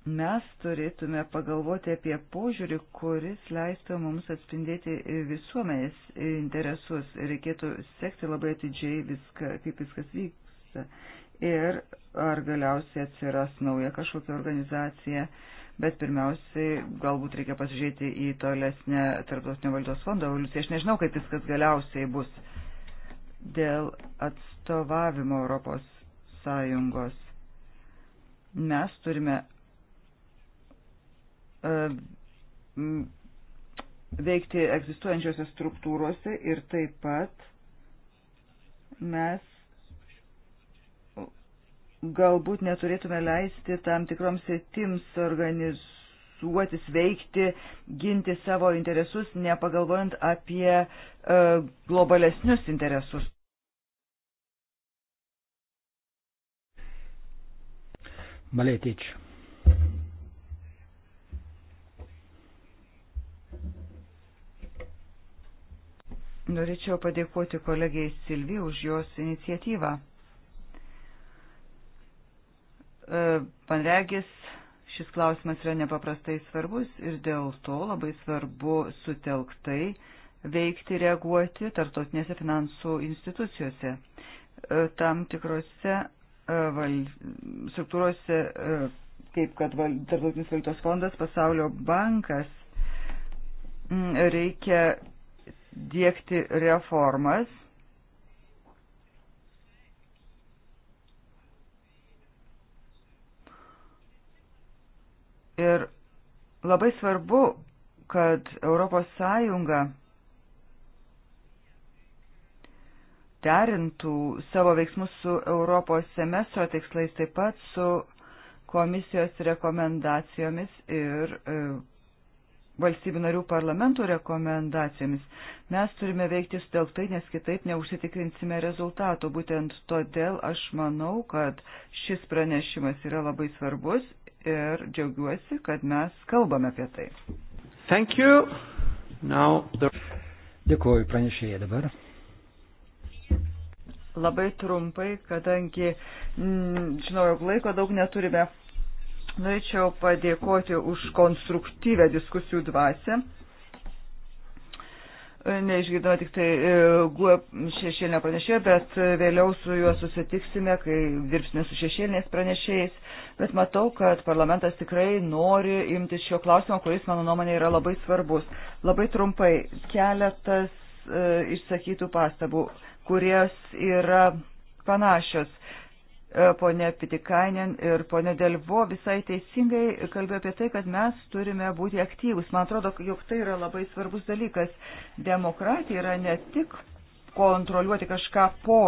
B: Mes turėtume pagalvoti apie požiūrį, kuris leistų mums atspindėti visuomenės interesus. Reikėtų sekti labai atidžiai viską, kaip viskas vyksta. Ir ar galiausiai atsiras nauja kažkokia organizacija. Uh, bet pirmiausiai galbūt reikia pasižiūrėti į tolesnę tarptautinio valdžios fondo evoliuciją. Aš nežinau, kaip viskas galiausiai bus dėl atstovavimo Europos Sąjungos. Mes turime uh, veikti egzistuojančiose struktūrose ir taip pat mes galbūt neturėtume leisti tam tikroms sėtims organizuotis, veikti, ginti savo interesus, nepagalvojant apie e, globalesnius interesus. Maletič. Norėčiau padėkoti kolegijai Silvi už jos iniciatyvą. E, man regis, šis klausimas yra nepaprastai svarbus ir dėl to labai svarbu sutelktai veikti, reaguoti tartotinėse finansų institucijose. E, tam tikrose e, val... struktūrose, kaip kad val... Tartautinis valiutos fondas, pasaulio bankas, reikia dėkti reformas Ir labai svarbu, kad Europos Sąjunga derintų savo veiksmus su Europos semestro tikslais, taip pat su komisijos rekomendacijomis ir e, valstybių narių parlamentų rekomendacijomis. Mes turime veikti sutelktai, nes kitaip neužsitikrinsime rezultato. Būtent todėl aš manau, kad šis pranešimas yra labai svarbus ir džiaugiuosi, kad mes kalbame apie tai.
A: Thank you. Now
C: the... Dėkuoju pranešėjai dabar.
B: Labai trumpai, kadangi, m, mm, žinau, jog laiko daug neturime, norėčiau padėkoti už konstruktyvę diskusijų dvasę. Neišgirdome tik tai e, GUE šešėlinio pranešėjo, bet e, vėliau su juo susitiksime, kai dirbsime su šešėliniais pranešėjais. Bet matau, kad parlamentas tikrai nori imtis šio klausimo, kuris, mano nuomonė, yra labai svarbus. Labai trumpai keletas e, išsakytų pastabų, kurios yra panašios. E, E, ponė Pitikainen ir ponė Delvo visai teisingai kalbėjo apie tai, kad mes turime būti aktyvus. Man atrodo, jog tai yra labai svarbus dalykas. Demokratija yra ne tik kontroliuoti kažką po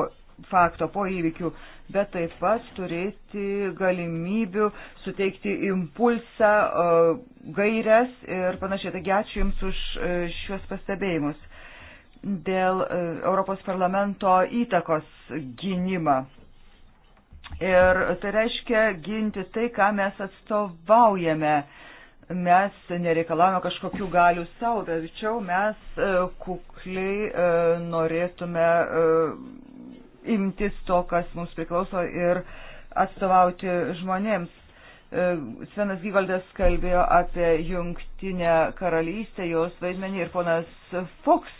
B: fakto, po įvykių, bet taip pat turėti galimybių suteikti impulsą, e, gairias ir panašiai. Taigi ačiū Jums už e, šiuos pastebėjimus dėl Europos parlamento įtakos gynimą Ir tai reiškia ginti tai, ką mes atstovaujame. Mes nereikalavome kažkokių galių savo, tačiau mes e, kukliai e, norėtume e, imtis to, kas mums priklauso ir atstovauti žmonėms. Svenas Gyvaldas kalbėjo apie jungtinę karalystę, jos vaidmenį ir ponas Fox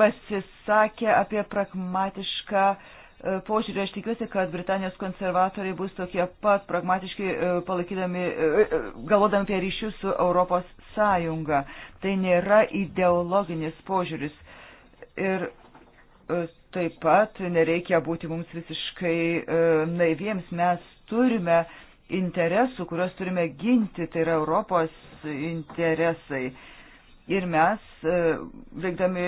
B: pasisakė apie pragmatišką uh, E, požiūrį aš tikiuosi, kad Britanijos konservatoriai bus tokie pat pragmatiški e, palaikydami, e, galvodami apie ryšius su Europos Sąjunga. Tai nėra ideologinis požiūris. Ir taip pat nereikia būti mums visiškai naiviems. Mes turime interesų, kuriuos turime ginti, tai yra Europos interesai. Ir mes, veikdami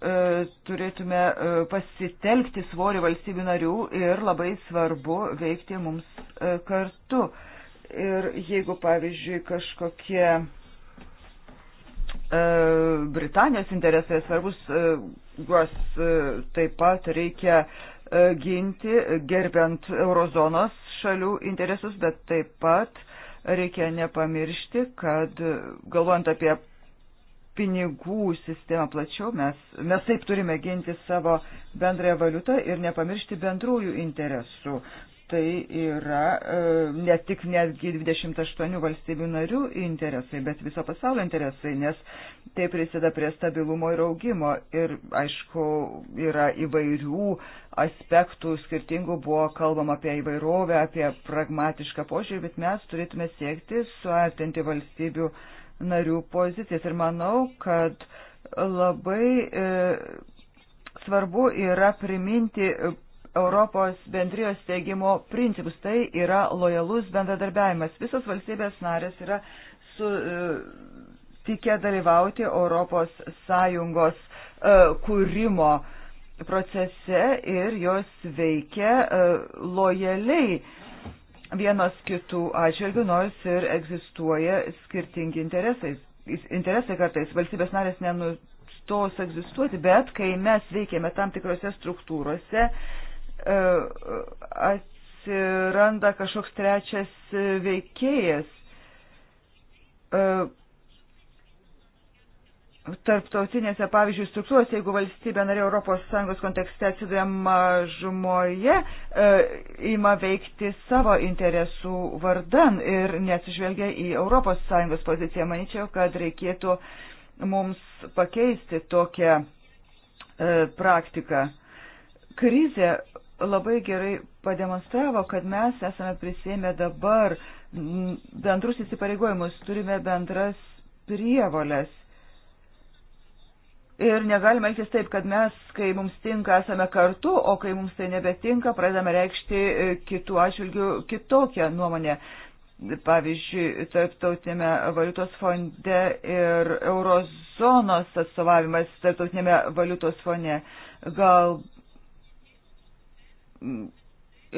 B: E, turėtume e, pasitelkti svorį valstybių narių ir labai svarbu veikti mums e, kartu. Ir jeigu, pavyzdžiui, kažkokie Britanijos interesai svarbus, juos taip pat reikia ginti, gerbiant eurozonos šalių interesus, bet taip pat reikia nepamiršti, kad galvojant apie pinigų sistemą plačiau, mes, mes taip turime ginti savo bendrąją valiutą ir nepamiršti bendrųjų interesų. Tai yra e, ne tik netgi 28 valstybių narių interesai, bet viso pasaulio interesai, nes tai prisida prie stabilumo ir augimo. Ir aišku, yra įvairių aspektų skirtingų, buvo kalbama apie įvairovę, apie pragmatišką požiūrį, bet mes turėtume siekti suartinti valstybių narių narių pozicijas. Ir manau, kad labai e, svarbu yra priminti Europos bendrijos steigimo principus. Tai yra lojalus bendradarbiavimas. Visos valstybės narės yra su. E, tikę dalyvauti Europos Sąjungos e, kūrimo procese ir jos veikia e, lojaliai vienos kitų atžvilgių, nors ir egzistuoja skirtingi interesai. Interesai kartais valstybės narės nenustos egzistuoti, bet kai mes veikiame tam tikrose struktūrose, e, atsiranda kažkoks trečias veikėjas e, tarptautinėse, pavyzdžiui, struktūrose, jeigu valstybė narė ES kontekste atsiduria mažumoje, e, ima veikti savo interesų vardan ir nesižvelgia į ES poziciją. Manyčiau, kad reikėtų mums pakeisti tokią e, praktiką. Krizė labai gerai pademonstravo, kad mes esame prisėmę dabar bendrus įsipareigojimus, turime bendras prievolės Ir negalime elgtis taip, kad mes, kai mums tinka, esame kartu, o kai mums tai nebetinka, pradedame reikšti e, kitų atžvilgių kitokią nuomonę. Pavyzdžiui, tarptautinėme valiutos fonde ir eurozonos atstovavimas tarptautinėme valiutos fone. Gal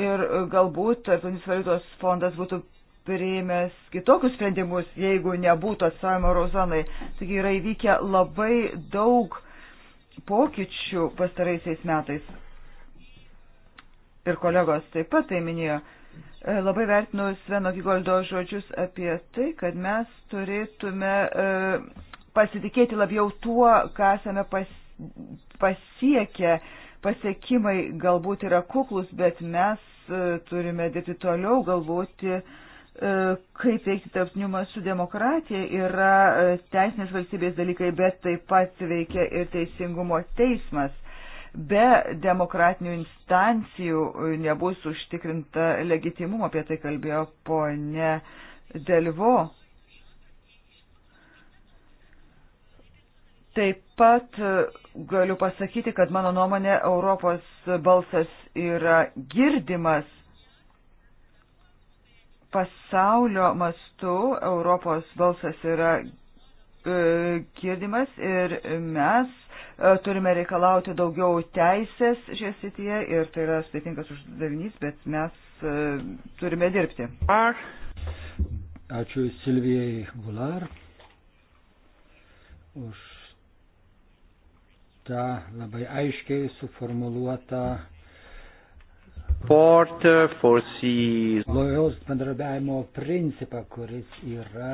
B: ir galbūt tarptautinis valiutos fondas būtų priėmęs kitokius sprendimus, jeigu nebūtų atstovavimo eurozonai. Taigi yra įvykę labai daug pokyčių pastaraisiais metais. Ir kolegos taip pat tai minėjo. E, labai vertinu Sveno Gigoldo žodžius apie tai, kad mes turėtume e, pasitikėti labiau tuo, ką esame pas, pasiekę. Pasiekimai galbūt yra kuklus, bet mes e, turime dirbti toliau, galvoti uh, E, kaip veikti tarptinių masų demokratija yra e, teisinės valstybės dalykai, bet taip pat veikia ir teisingumo teismas. Be demokratinių instancijų e, nebus užtikrinta legitimumo, apie tai kalbėjo ponė Delvo. Taip pat galiu pasakyti, kad mano nuomonė Europos balsas yra girdimas pasaulio mastu Europos balsas yra e, girdimas ir mes e, turime reikalauti daugiau teisės šioje srityje ir tai yra sudėtingas uždavinys, bet mes e, turime dirbti. Ar.
C: Ačiū Silvijai Gular už tą labai aiškiai suformuluotą
A: Lojaus
C: bendradarbiavimo principą, kuris yra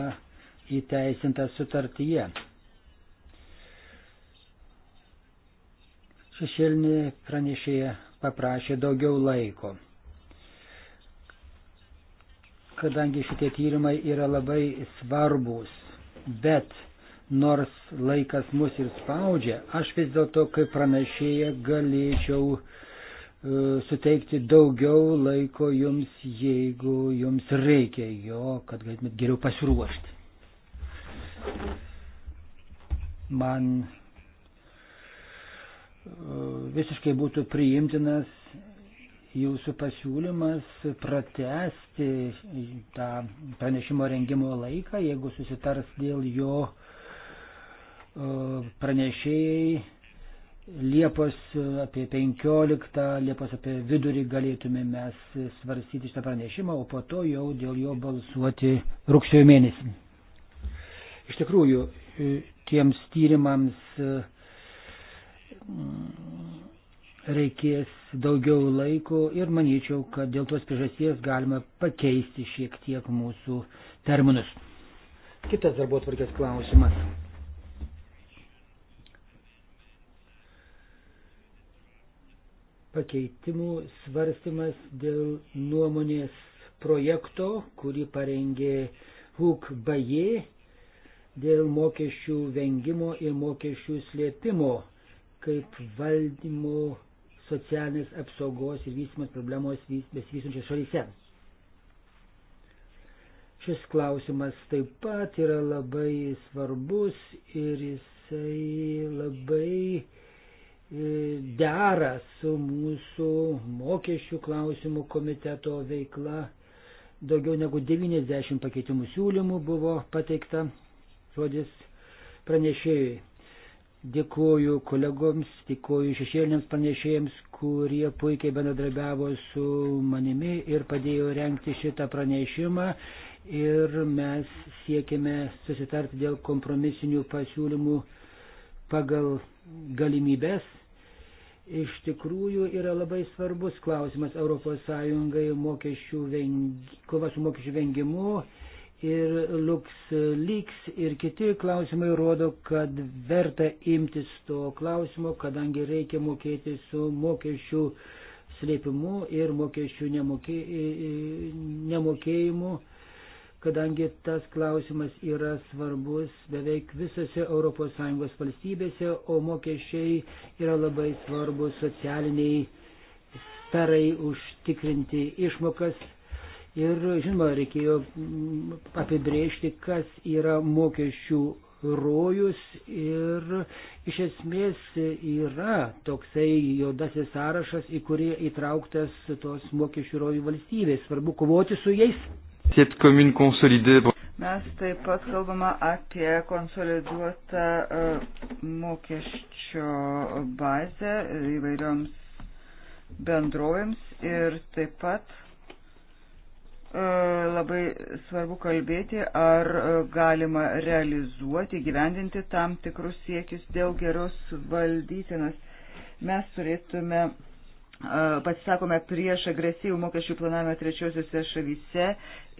C: įteisintas sutartyje. Šešėlinė pranešėja paprašė daugiau laiko. Kadangi šitie tyrimai yra labai svarbus, bet nors laikas mus ir spaudžia, aš vis dėlto kaip pranešėja galėčiau uh, E, suteikti daugiau laiko jums, jeigu jums reikia jo, kad galėtumėt geriau pasiruošti. Man e, visiškai būtų priimtinas jūsų pasiūlymas pratesti tą pranešimo rengimo laiką, jeigu susitars dėl jo e, pranešėjai Liepos e, apie 15, Liepos apie vidurį galėtume mes svarstyti šitą pranešimą, o po to jau dėl jo balsuoti rugsėjo mėnesį. Iš tikrųjų, e, tiems tyrimams e, mm, reikės daugiau laiko ir manyčiau, kad dėl tos priežasties galima pakeisti šiek tiek mūsų terminus. Kitas darbo tvarkės klausimas. pakeitimų svarstymas dėl nuomonės projekto, kurį parengė Huk Baye dėl mokesčių vengimo ir mokesčių slėpimo kaip valdymo socialinės apsaugos ir vystymas problemos besivystančios šalyse. Šis klausimas taip pat yra labai svarbus ir jisai labai uh, E, dera su mūsų mokesčių klausimų komiteto veikla. Daugiau negu 90 pakeitimų siūlymų buvo pateikta žodis pranešėjui. Dėkuoju kolegoms, dėkuoju šešėliniams pranešėjams, kurie puikiai bendradarbiavo su manimi ir padėjo renkti šitą pranešimą. Ir mes siekime susitarti dėl kompromisinių pasiūlymų pagal galimybės. Iš tikrųjų yra labai svarbus klausimas ES mokesčių vengi, kova su mokesčių vengimu ir LuxLeaks ir kiti klausimai rodo, kad verta imtis to klausimo, kadangi reikia mokėti su mokesčių slėpimu ir mokesčių nemokė, nemokėjimu kadangi tas klausimas yra svarbus beveik visose ES valstybėse, o mokesčiai yra labai svarbus socialiniai starai užtikrinti išmokas. Ir, žinoma, reikėjo mm, apibrėžti, kas yra mokesčių rojus ir iš esmės yra toksai juodasis sąrašas, į kurį įtrauktas tos mokesčių rojų valstybės. Svarbu
B: kovoti su jais
A: Mes
B: taip pat kalbame apie konsoliduotą e, mokesčio bazę įvairioms bendrovėms ir taip pat e, labai svarbu kalbėti, ar e, galima realizuoti, gyvendinti tam tikrus siekius dėl geros valdytinas. Mes turėtume pasisakome prieš agresyvų mokesčių planavimą trečiosiuose šalyse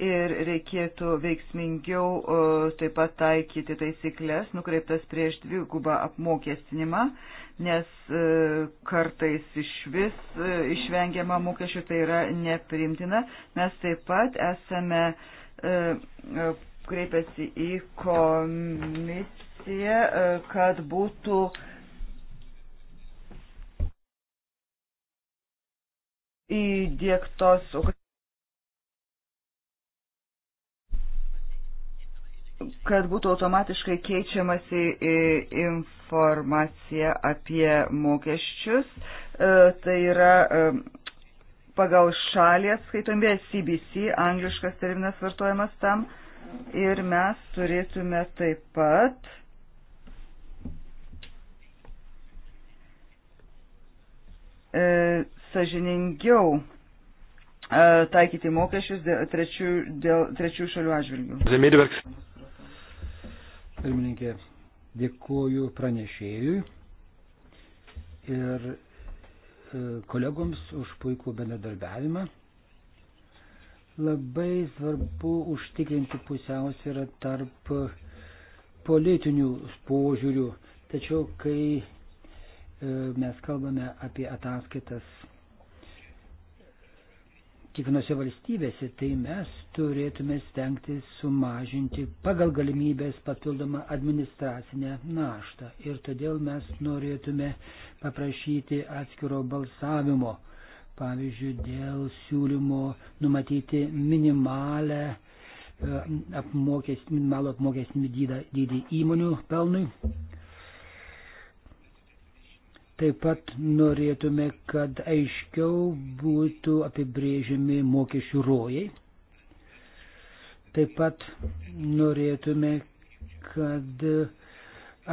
B: ir reikėtų veiksmingiau taip pat taikyti taisyklės nukreiptas prieš dvigubą apmokestinimą, nes e, kartais iš vis e, išvengiama mokesčių tai yra neprimtina. Mes taip pat esame e, kreipęsi į komisiją, kad būtų uh, įdėktos kad būtų automatiškai keičiamasi informacija apie mokesčius. E, tai yra e, pagal šalį atskaitomybė CBC, angliškas terminas vartojamas tam. Ir mes turėtume taip pat e, sažiningiau e, taikyti mokesčius dėl trečių, dėl trečių šalių atžvilgių. Zemidbergs.
C: Pirmininkė, dėkuoju pranešėjui ir e, kolegoms už puikų bendradarbiavimą. Labai svarbu užtikrinti pusiausvyrą tarp politinių požiūrių, tačiau kai e, mes kalbame apie ataskaitas kiekvienose valstybėse, tai mes turėtume stengtis sumažinti pagal galimybės papildomą administracinę naštą. Ir todėl mes norėtume paprašyti atskiro balsavimo, pavyzdžiui, dėl siūlymo numatyti minimalę e, apmokestinimą, minimalų apmokestinimą dydį įmonių pelnui. Taip pat norėtume, kad aiškiau būtų apibrėžiami mokesčių rojai. Taip pat norėtume, kad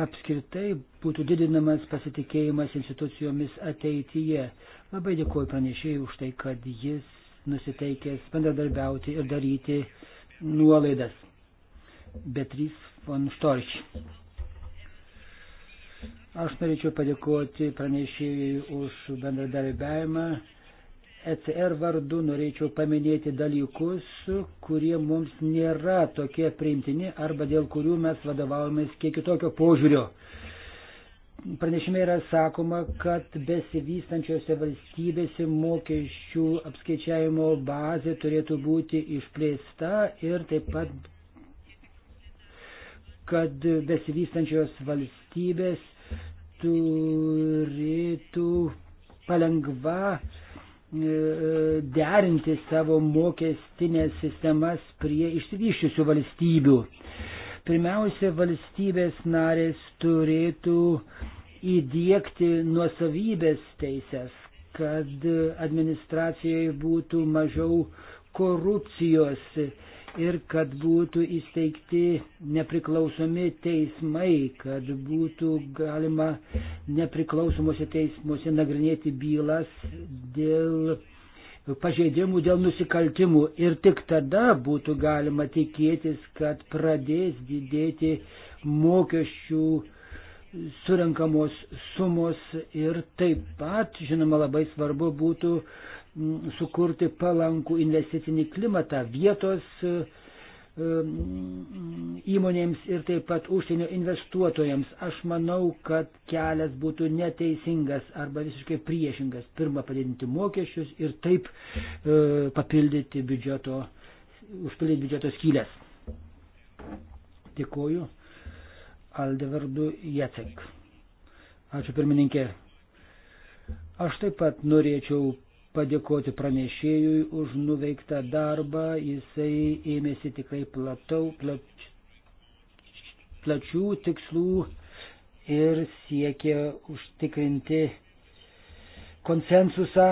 C: apskritai būtų didinamas pasitikėjimas institucijomis ateityje. Labai dėkuoju pranešėjai už tai, kad jis nusiteikęs bendradarbiauti ir daryti nuolaidas. Beatrice von Storch. Aš norėčiau padėkoti pranešėjai už bendradarbiavimą. ECR vardu norėčiau paminėti dalykus, kurie mums nėra tokie priimtini arba dėl kurių mes vadovaujamės kiek kitokio požiūrio. Pranešime yra sakoma, kad besivystančiose valstybėse mokesčių apskaičiavimo bazė turėtų būti išplėsta ir taip pat, kad besivystančios valstybės turėtų palengva e, e, derinti savo mokestinės sistemas prie išsivyščiusių valstybių. Pirmiausia, valstybės narės turėtų įdėkti nuosavybės teisės, kad administracijoje būtų mažiau korupcijos, ir kad būtų įsteigti nepriklausomi teismai, kad būtų galima nepriklausomose teismuose nagrinėti bylas dėl pažeidimų, dėl nusikaltimų. Ir tik tada būtų galima tikėtis, kad pradės didėti mokesčių surinkamos sumos ir taip pat, žinoma, labai svarbu būtų uh, Mm, sukurti palankų investicinį klimatą vietos e, mm, įmonėms ir taip pat užsienio investuotojams. Aš manau, kad kelias būtų neteisingas arba visiškai priešingas. Pirma padidinti mokesčius ir taip e, papildyti biudžeto, užpildyti biudžeto skylės. Dėkuoju. Aldevardu Jacek. Ačiū pirmininkė. Aš taip pat norėčiau padėkoti pranešėjui už nuveiktą darbą. Jisai ėmėsi tikrai platau, plač, plačių tikslų ir siekė užtikrinti konsensusą.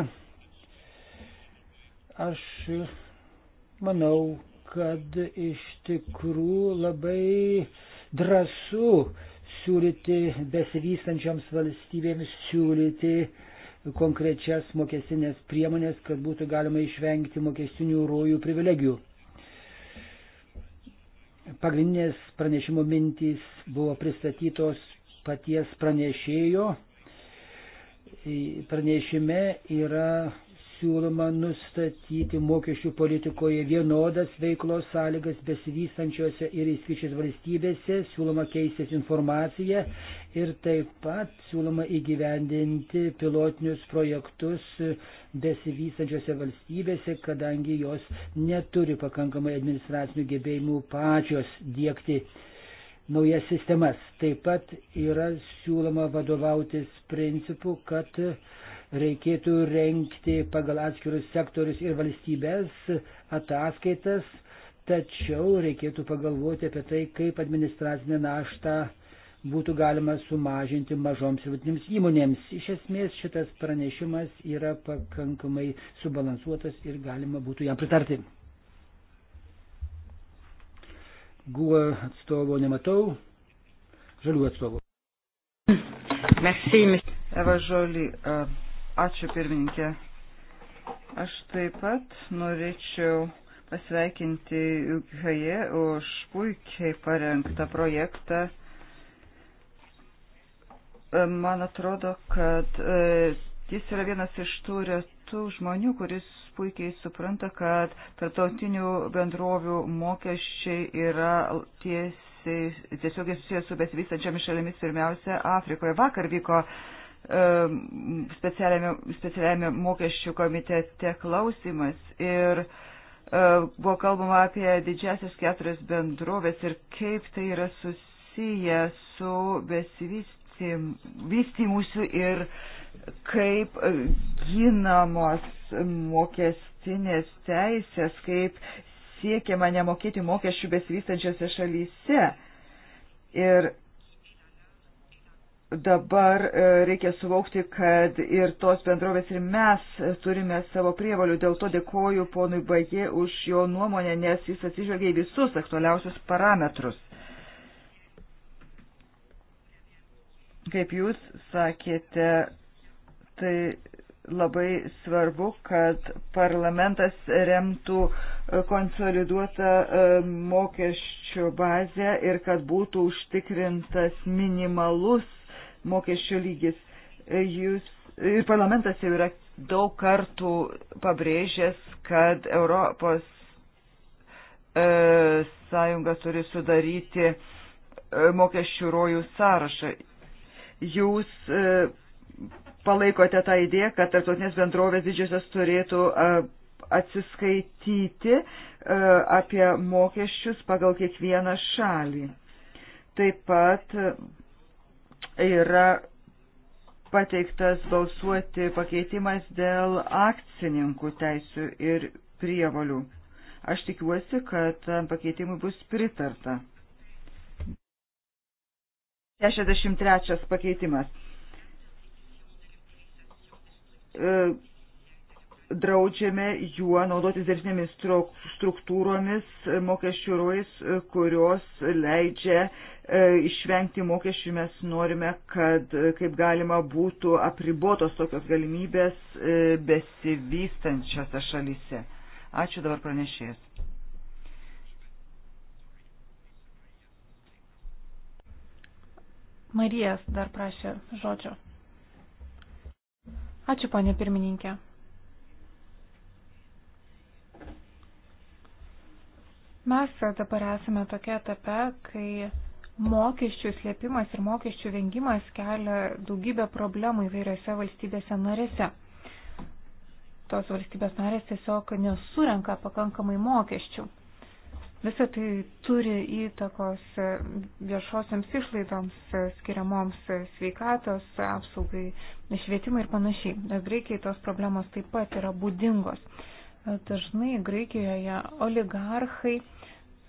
C: Aš manau, kad iš tikrųjų labai drąsu siūlyti besivystančioms valstybėms siūlyti uh, konkrečias mokestinės priemonės, kad būtų galima išvengti mokestinių rojų privilegijų. Pagrindinės pranešimo mintys buvo pristatytos paties pranešėjo. Pranešime yra siūloma nustatyti mokesčių politikoje vienodas veiklos sąlygas besivystančiose ir įskaičius valstybėse, siūloma keistis informacija ir taip pat siūloma įgyvendinti pilotinius projektus besivystančiose valstybėse, kadangi jos neturi pakankamai administracinių gebėjimų pačios dėkti naujas sistemas. Taip pat yra siūloma vadovautis principu, kad reikėtų renkti pagal atskirus sektorius ir valstybės ataskaitas, tačiau reikėtų pagalvoti apie tai, kaip administracinę naštą būtų galima sumažinti mažoms ir vidutinėms įmonėms. Iš esmės šitas pranešimas yra pakankamai subalansuotas ir galima būtų jam pritarti. Guo atstovo nematau,
B: žalių atstovo. Merci, Eva Žoli. Uh Ačiū pirmininkė. Aš taip pat norėčiau pasveikinti Ukhaje už puikiai parengtą projektą. Man atrodo, kad e, jis yra vienas iš tų retų žmonių, kuris puikiai supranta, kad tarptautinių bendrovių mokesčiai yra tiesiai, tiesiogiai susijęs su besivystančiamis šalimis, pirmiausia, Afrikoje. Vakar vyko uh, Um, specialiame mokesčių komitete klausimas ir uh, buvo kalbama apie didžiasias keturias bendrovės ir kaip tai yra susiję su besivystymusiu ir kaip uh, ginamos mokestinės teisės, kaip siekiama nemokėti mokesčių besivystančiose šalyse. Ir dabar e, reikia suvokti, kad ir tos bendrovės ir mes turime savo prievalių. Dėl to dėkoju ponui Baje už jo nuomonę, nes jis atsižvelgia į visus aktualiausius parametrus. Kaip jūs sakėte, tai labai svarbu, kad parlamentas remtų konsoliduotą e, mokesčių bazę ir kad būtų užtikrintas minimalus mokesčių lygis. E, jūs, e, ir parlamentas jau yra daug kartų pabrėžęs, kad Europos e, sąjunga turi sudaryti e, mokesčių rojų sąrašą. Jūs e, palaikote tą idėją, kad tarptautinės bendrovės didžiosios turėtų e, atsiskaityti e, apie mokesčius pagal kiekvieną šalį. Taip pat e, yra pateiktas balsuoti pakeitimas dėl akcininkų teisių ir prievalių. Aš tikiuosi, kad tam pakeitimui bus pritarta. 63 pakeitimas e, draudžiame juo naudotis dažnėmis struktūromis, e, mokesčių ruojais, e, kurios leidžia e, išvengti mokesčių. Mes norime, kad kaip galima būtų apribotos tokios galimybės besivystančiose šalyse. Ačiū dabar pranešėjas.
A: Marijas dar prašė žodžio. Ačiū, ponė pirmininkė. Mes dabar esame tokia etape, kai mokesčių slėpimas ir mokesčių vengimas kelia daugybę problemų įvairiose valstybėse narėse. Tos valstybės narės tiesiog nesurenka pakankamai mokesčių. Visą tai turi įtakos viešosiams išlaidoms, skiriamoms sveikatos, apsaugai, švietimai ir panašiai. Greikiai tos problemos taip pat yra būdingos. Dažnai Graikijoje oligarchai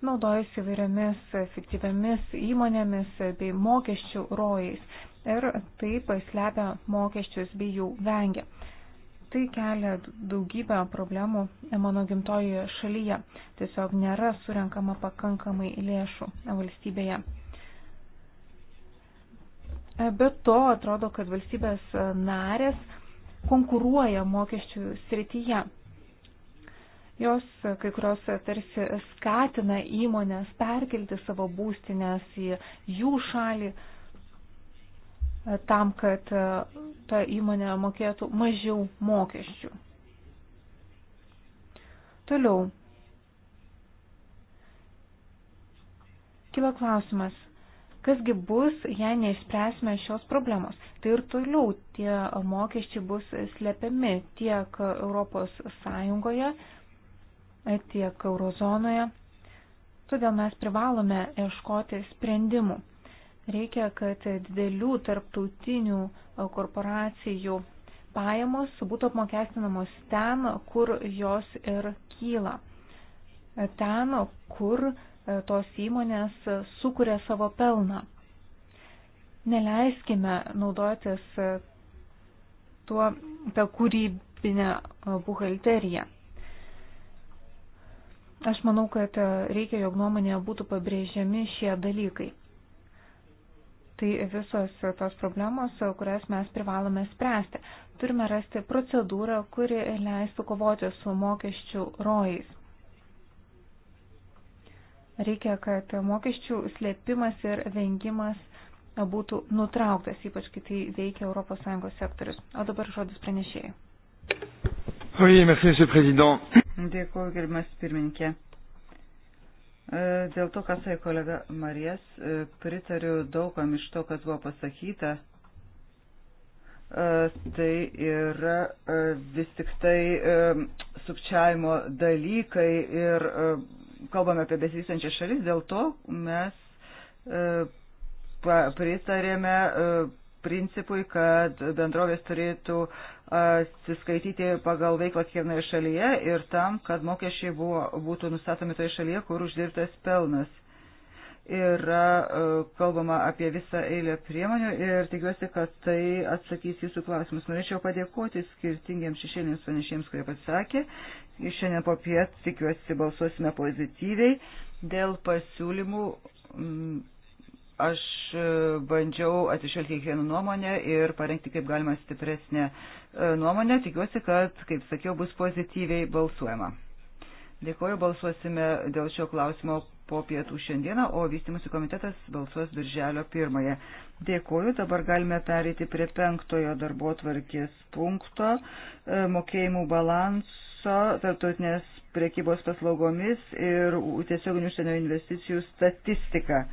A: naudojasi įvairiomis fiktyviamis įmonėmis bei mokesčių rojais ir taip slepia mokesčius bei jų vengia. Tai kelia daugybę problemų mano gimtojoje šalyje. Tiesiog nėra surenkama pakankamai lėšų valstybėje. Be to atrodo, kad valstybės narės konkuruoja mokesčių srityje. Jos kai kurios tarsi skatina įmonės perkelti savo būstinės į jų šalį e, tam, kad e, ta įmonė mokėtų mažiau mokesčių. Toliau. Kila klausimas, kasgi bus, jei neišspręsime šios problemos. Tai ir toliau tie mokesčiai bus slepiami tiek ES, tiek eurozonoje. Todėl mes privalome ieškoti sprendimų. Reikia, kad didelių tarptautinių korporacijų pajamos būtų apmokestinamos ten, kur jos ir kyla. Ten, kur e, tos įmonės sukuria savo pelną. Neleiskime naudotis e, tuo, tą kūrybinę e, buhalteriją. Aš manau, kad reikia, jog nuomonėje būtų pabrėžiami šie dalykai. Tai visos tos problemos, kurias mes privalome spręsti. Turime rasti procedūrą, kuri leistų kovoti su mokesčių rojais. Reikia, kad mokesčių slėpimas ir vengimas būtų nutrauktas, ypač kai tai veikia ES sektorius. O dabar žodis pranešėjai.
C: Oui, merci,
A: Dėkuoju, gerbimas pirminkė.
B: E, dėl to, ką sakė kolega Marijas, e, pritariu daugam iš to, kas buvo pasakyta. E, tai yra vis tik tai sukčiavimo dalykai ir kalbame apie besivystančias šalis, dėl to mes pritarėme principui, kad bendrovės turėtų uh, atsiskaityti pagal veiklą kiekvienoje šalyje ir tam, kad mokesčiai buvo, būtų nustatomi toje šalyje, kur uždirbtas pelnas. Yra e, kalbama apie visą eilę priemonių ir tikiuosi, kad tai atsakys jūsų klausimus. Norėčiau padėkoti skirtingiems šešėlėms panešėjams, kurie pasakė. Šiandien po piet tikiuosi balsuosime pozityviai dėl pasiūlymų Aš e, bandžiau atsižvelgti kiekvieną nuomonę ir parengti kaip galima stipresnę e, nuomonę. Tikiuosi, kad, kaip sakiau, bus pozityviai balsuojama. Dėkoju, balsuosime dėl šio klausimo po pietų šiandieną, o vystimusi komitetas balsuos birželio pirmąją. Dėkoju, dabar galime pereiti prie penktojo darbo tvarkės punkto e, mokėjimų balanso tarptautinės priekybos paslaugomis ir tiesioginių užsienio investicijų statistiką.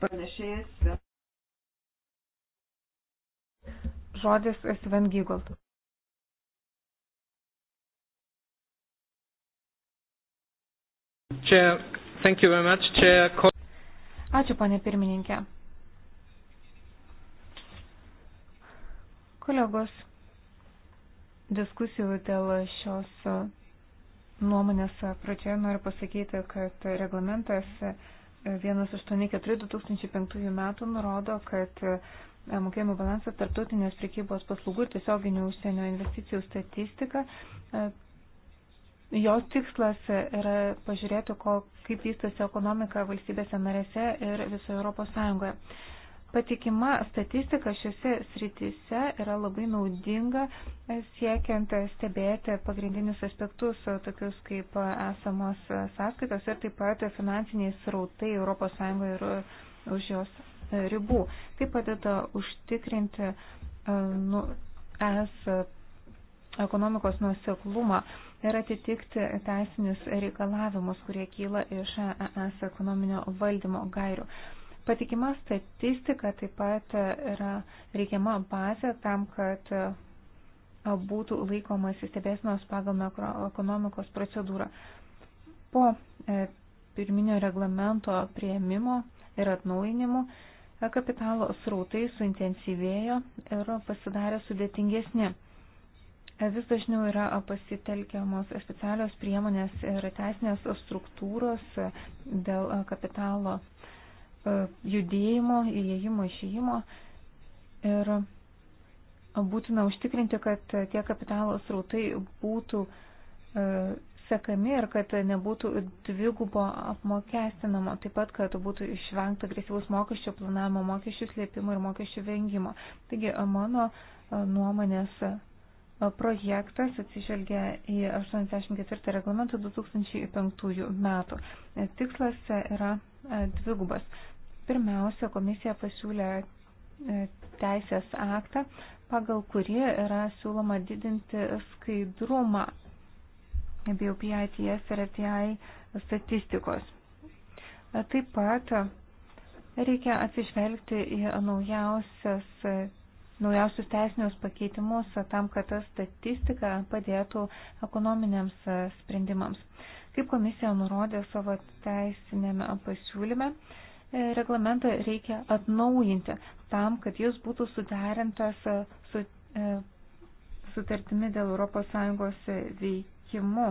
A: Pranešėjas. Žodis Sven Gygold. Chair, thank you very much, Chair. Ačiū, ponė pirmininkė. Kolegos, diskusijų dėl šios nuomonės pradžioje noriu pasakyti, kad reglamentas 184-2005 metų nurodo, kad e, mokėjimų balansas tarptautinės prekybos paslaugų ir tiesioginių užsienio investicijų statistika. E, jos tikslas yra pažiūrėti, ko, kaip vystosi ekonomika valstybėse narėse ir visoje Europos Sąjungoje. Patikima statistika šiuose srityse yra labai naudinga siekiant stebėti pagrindinius aspektus, tokius kaip esamos sąskaitos ir taip pat finansiniai srautai ES ir už jos ribų. Tai padeda užtikrinti e, nu, es ekonomikos nuoseklumą ir atitikti teisinius reikalavimus, kurie kyla iš e, ES ekonominio valdymo gairių. Patikima statistika taip pat yra reikiama bazė tam, kad būtų laikomas įstebėsinos pagal makroekonomikos procedūrą. Po e, pirminio reglamento prieimimo ir atnaujinimų e, kapitalo srautai suintensyvėjo ir pasidarė sudėtingesni. E, vis dažniau yra pasitelkiamos specialios priemonės ir teisinės struktūros dėl kapitalo E, judėjimo, įėjimo, išėjimo ir būtina užtikrinti, kad tie kapitalo srautai būtų e, sekami ir kad nebūtų dvigubo apmokestinamo, taip pat, kad būtų išvengta agresyvus mokesčių planavimo, mokesčių slėpimo ir mokesčių vengimo. Taigi e, mano nuomonės projektas atsižvelgia į 84 reglamentą 2005 metų. Tikslas yra dvigubas. Pirmiausia, komisija pasiūlė e, teisės aktą, pagal kurį yra siūloma didinti skaidrumą BUPITS ir ATI statistikos. E, taip pat reikia atsižvelgti į naujausias, e, naujausius teisinius pakeitimus tam, kad ta statistika padėtų ekonominiams sprendimams. Kaip komisija nurodė savo teisinėme pasiūlyme, reglamentą reikia atnaujinti tam, kad jis būtų suderintas e, su e, sutartimi dėl ES veikimų.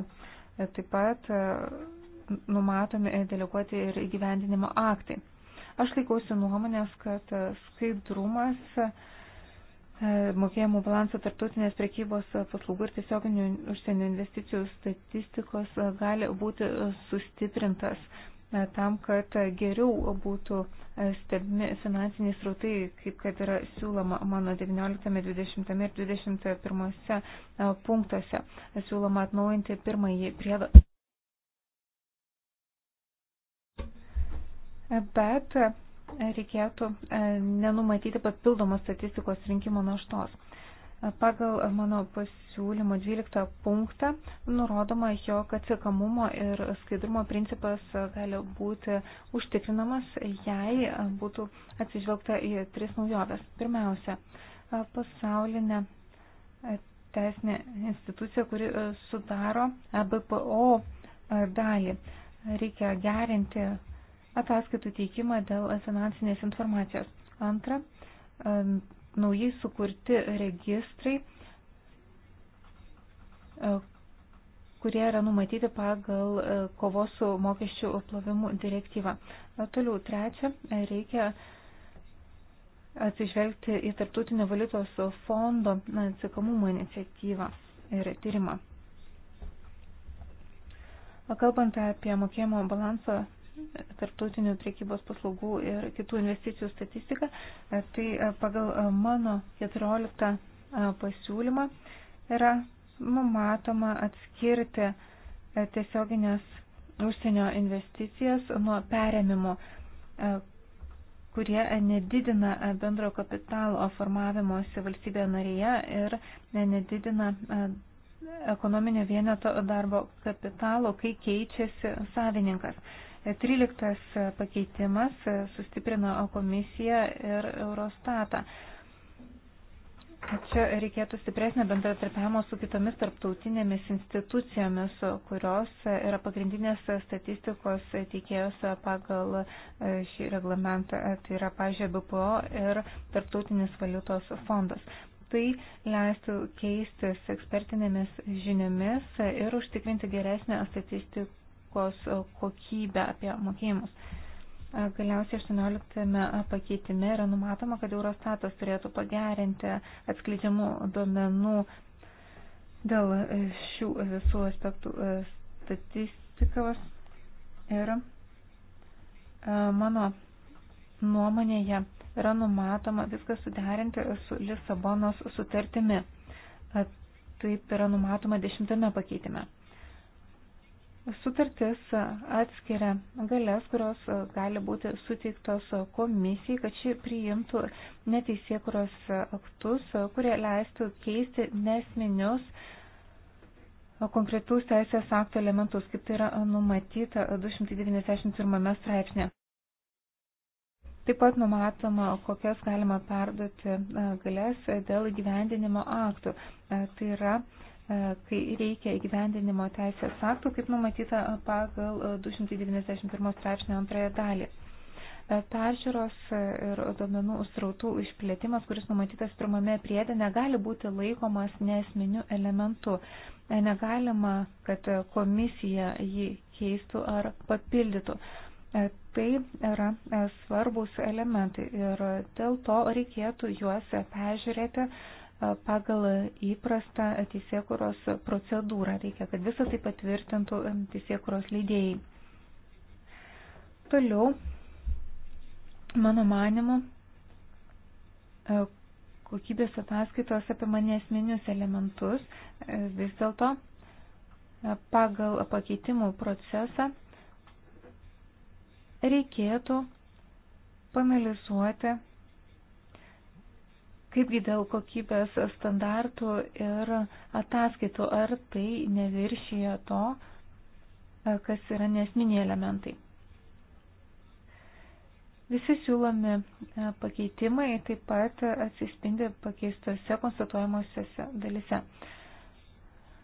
A: E, taip pat numatomi deleguoti ir įgyvendinimo aktai. Aš laikausi nuomonės, kad skaidrumas mokėjimų balanso tarptautinės prekybos paslaugų ir tiesioginių užsienio investicijų statistikos gali būti sustiprintas E, tam, kad geriau būtų e, stebimi finansiniai srautai, kaip kad yra siūloma mano 19, 20 ir 21 e, punktuose. Siūloma atnaujinti pirmąjį priedą. Bet reikėtų nenumatyti papildomos statistikos rinkimo naštos. Pagal mano pasiūlymo 12 punktą nurodoma, jog atsikamumo ir skaidrumo principas gali būti užtikrinamas, jei būtų atsižvelgta į tris naujoves. Pirmiausia, pasaulinė teisinė institucija, kuri sudaro BPO dalį. Reikia gerinti ataskaitų teikimą dėl finansinės informacijos. Antra, naujai sukurti registrai, e, kurie yra numatyti pagal e, kovos su mokesčių plovimu direktyvą. E, toliau trečia, reikia atsižvelgti į Tartutinio valiutos fondo atsikamumo iniciatyvą ir tyrimą. Kalbant apie mokėjimo balansą tarptautinių priekybos paslaugų ir kitų investicijų statistiką, tai e, pagal e, mano 14 e, pasiūlymą yra matoma atskirti tiesioginės užsienio investicijas nuo perėmimo, kurie nedidina bendro kapitalo formavimosi valstybėje narėje ir nedidina ekonominio vieneto darbo kapitalo, kai keičiasi savininkas. Tryliktas pakeitimas sustiprino komisiją ir Eurostatą. Čia reikėtų stipresnė bendratarpiamo su kitomis tarptautinėmis institucijomis, kurios yra pagrindinės statistikos teikėjos pagal šį reglamentą, tai yra, pažiūrėjau, BPO ir Tarptautinis valiutos fondas tai leistų keistis ekspertinėmis žiniomis ir užtikrinti geresnę statistikos politikos kokybę, apie mokėjimus. Galiausiai 18 pakeitime yra numatoma, kad Eurostatas turėtų pagerinti atskleidžiamų duomenų dėl šių visų aspektų e, statistikos. Ir e, mano nuomonėje yra numatoma viskas suderinti su Lisabonos sutartimi. E, taip yra numatoma dešimtame pakeitime. Sutartis atskiria galės, kurios e, gali būti suteiktos komisijai, kad ši priimtų neteisėkuros aktus, e, kurie leistų keisti nesminius konkretus teisės aktų elementus, kaip tai yra numatyta 291 straipsnė. Taip pat numatoma, kokias galima perduoti e, galės dėl įgyvendinimo aktų. Tai yra E, kai reikia įgyvendinimo teisės aktų, kaip numatyta pagal 291 e, straipsnio antrąją dalį. E, peržiūros ir domenų srautų išplėtimas, kuris numatytas pirmame priedė, negali būti laikomas nesminiu elementu. Negalima, kad komisija jį keistų ar papildytų. Tai yra svarbus elementai ir dėl to reikėtų juos peržiūrėti pagal įprastą teisėkuros procedūrą. Reikia, kad visą tai patvirtintų teisėkuros leidėjai. Toliau, mano manimu, kokybės ataskaitos apie mane esminius elementus vis dėlto pagal pakeitimų procesą reikėtų panalizuoti kaipgi dėl kokybės standartų ir ataskaitų, ar tai neviršyje to, e, kas yra nesminiai elementai. Visi siūlomi e, pakeitimai taip pat atsispindi pakeistose konstatuojamosiose dalise.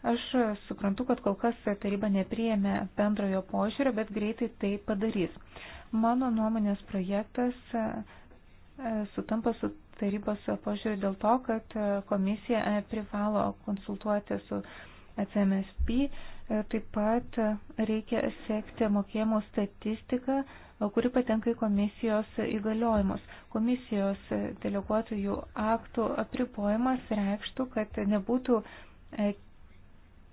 A: Aš suprantu, kad kol kas taryba nepriėmė bendrojo požiūrio, bet greitai tai padarys. Mano nuomonės projektas E, sutampa su tarybos požiūriu dėl to, kad e, komisija e, privalo konsultuoti su CMSP, taip pat reikia sekti mokėjimo statistiką, kuri patenka į komisijos įgaliojimus. Komisijos deleguotojų aktų apribojimas reikštų, kad nebūtų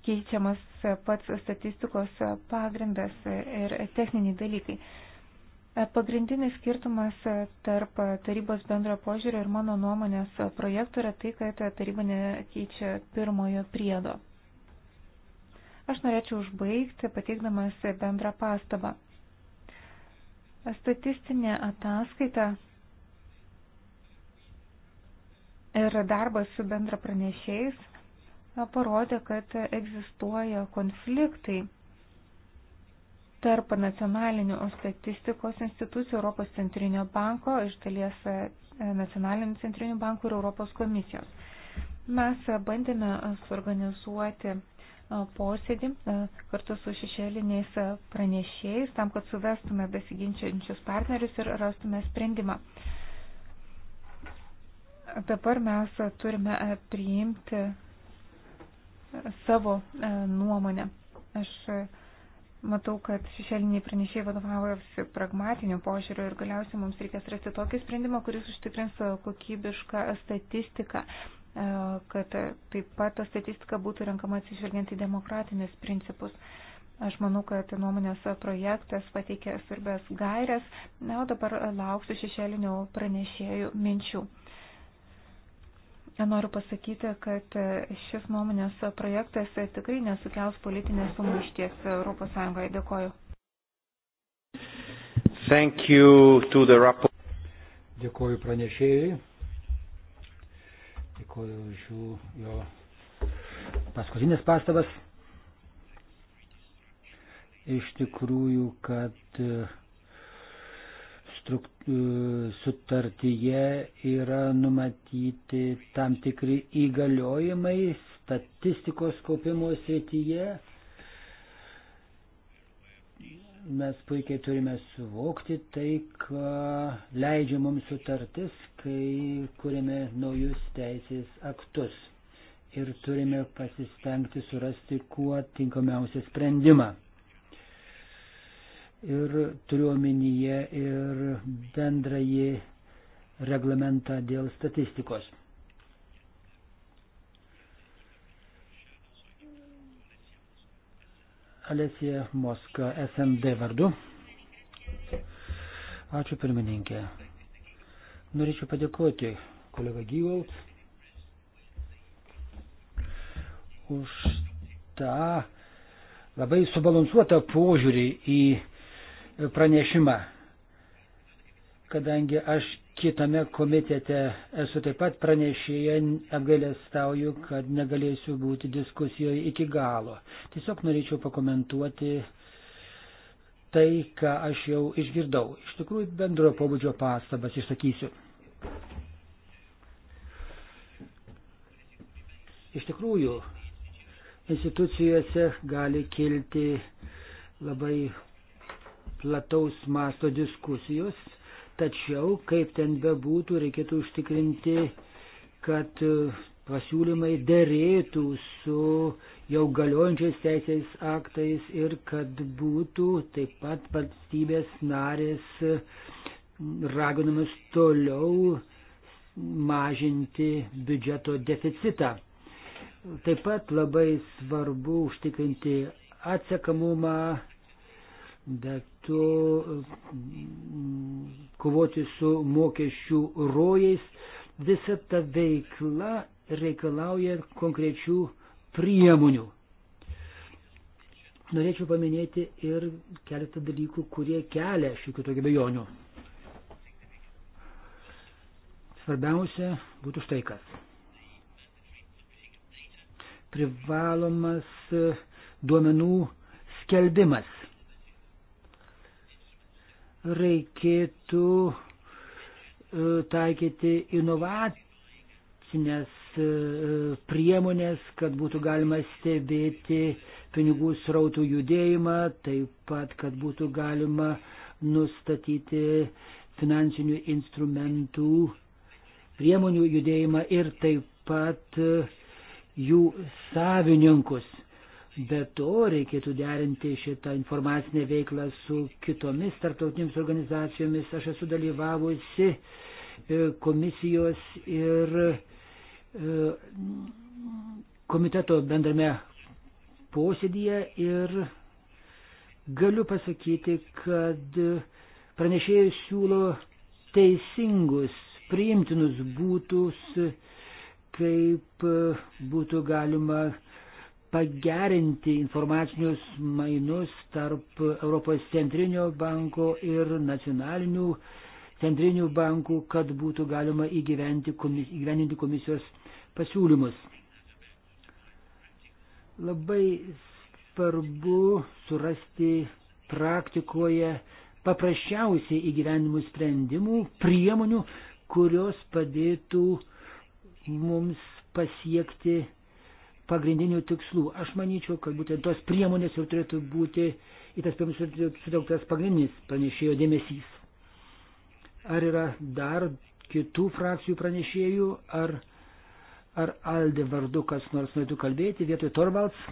A: keičiamas pats statistikos pagrindas ir techniniai dalykai. Pagrindinis skirtumas e, tarp e, tarybos bendro požiūrio ir mano nuomonės e, projektų yra tai, kad taryba nekeičia pirmojo priedo. Aš norėčiau užbaigti pateikdamas bendrą pastabą. Statistinė ataskaita ir darbas su bendra pranešėjais parodė, kad egzistuoja konfliktai tarp nacionalinių statistikos institucijų, Europos centrinio banko, iš dalies e, nacionalinių centrinių bankų ir Europos komisijos. Mes bandėme suorganizuoti e, posėdį e, kartu su šešėliniais pranešėjais, tam, kad suvestume besiginčiančius partnerius ir rastume sprendimą. Dabar mes turime priimti savo nuomonę. Aš Matau, kad šešėliniai pranešėjai vadovaujasi pragmatiniu požiūriu ir galiausiai mums reikės rasti tokį sprendimą, kuris užtikrins kokybišką statistiką, e, kad taip pat ta statistika būtų renkama atsižvelgiant į demokratinės principus. Aš manau, kad nuomonės projektas pateikė svarbės gairias, na, o dabar lauksiu šešėlinių pranešėjų minčių. Noriu pasakyti, kad šis nuomonės projektas tikrai nesukels politinės sumaišties ES. Dėkoju.
C: Dėkoju pranešėjai. Dėkoju už jo paskutinės pastabas. Iš tikrųjų, kad struk, sutartyje yra numatyti tam tikri įgaliojimai statistikos kaupimo srityje. Mes puikiai turime suvokti tai, ką leidžia mums sutartis, kai kuriame naujus teisės aktus. Ir turime pasistengti surasti kuo tinkamiausią sprendimą ir turiuomenyje ir bendrąjį reglamentą dėl statistikos. Alesija Moska, SMD vardu. Ačiū pirmininkė. Norėčiau padėkoti kolega Gyvaut už tą labai subalansuotą požiūrį į pranešimą, kadangi aš kitame komitete esu taip pat pranešėję, apgailestauju, kad negalėsiu būti diskusijoje iki galo. Tiesiog norėčiau pakomentuoti tai, ką aš jau išgirdau. Iš tikrųjų, bendrojo pobūdžio pastabas išsakysiu. Iš tikrųjų, institucijose gali kilti labai plataus masto diskusijos, tačiau, kaip ten bebūtų, reikėtų užtikrinti, kad e, pasiūlymai dėrėtų su jau galiojančiais teisės aktais ir kad būtų taip pat valstybės narės e, raginamas toliau mažinti biudžeto deficitą. Taip pat labai svarbu užtikrinti atsekamumą, bet metu kovoti su mokesčių rojais. Visa ta veikla reikalauja konkrečių priemonių. Norėčiau paminėti ir keletą dalykų, kurie kelia šiokių tokių bejonių. Svarbiausia būtų štai kas. Privalomas duomenų skelbimas reikėtų e, taikyti inovacinės e, priemonės, kad būtų galima stebėti pinigų srautų judėjimą, taip pat, kad būtų galima nustatyti finansinių instrumentų priemonių judėjimą ir taip pat e, jų savininkus. Be to reikėtų derinti šitą informacinę veiklą su kitomis tarptautinėmis organizacijomis. Aš esu dalyvavusi e, komisijos ir e, komiteto bendrame posėdyje ir galiu pasakyti, kad pranešėjai siūlo teisingus, priimtinus būtus, kaip būtų galima uh, pagerinti informacinius mainus tarp Europos centrinio banko ir nacionalinių centrinių bankų, kad būtų galima įgyveninti komisijos pasiūlymus. Labai svarbu surasti praktikoje paprasčiausiai įgyvenimų sprendimų, priemonių, kurios padėtų mums pasiekti pagrindinių tikslų. Aš manyčiau, kad būtent tos priemonės jau turėtų būti, į tas priemonės sutelktas pagrindinis pranešėjo dėmesys. Ar yra dar kitų frakcijų pranešėjų, ar, ar Alde vardu kas nors norėtų kalbėti vietoj Torvalds?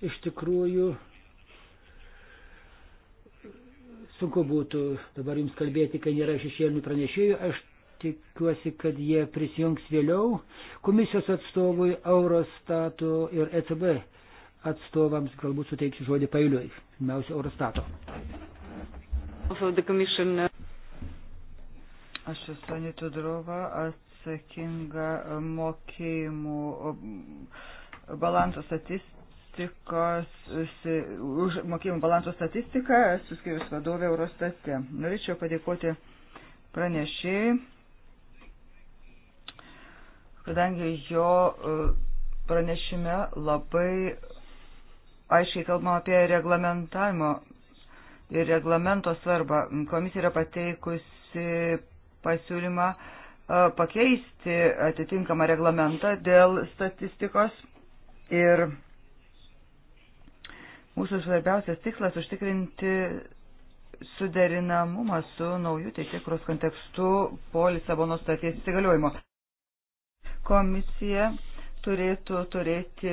C: Iš tikrųjų, sunku būtų dabar jums kalbėti, kai nėra šešėlinių pranešėjų. Aš tikiuosi, kad jie prisijungs vėliau. Komisijos atstovui, Eurostato ir ECB atstovams galbūt suteiksiu žodį pailiui. Pirmiausia, Eurostato.
B: Aš esu Anita Drova, atsakinga mokėjimų balanso statistikos, už mokėjimų balanso statistiką, esu skirius vadovė Eurostate. Norėčiau padėkoti pranešėjai kadangi jo e, pranešime labai aiškiai kalbama apie reglamentavimo ir reglamento svarbą. Komisija yra pateikusi pasiūlymą e, pakeisti atitinkamą reglamentą dėl statistikos ir mūsų svarbiausias tikslas užtikrinti suderinamumą su naujų teisėkros kontekstu po Lisabono staties įsigaliojimo. Komisija turėtų turėti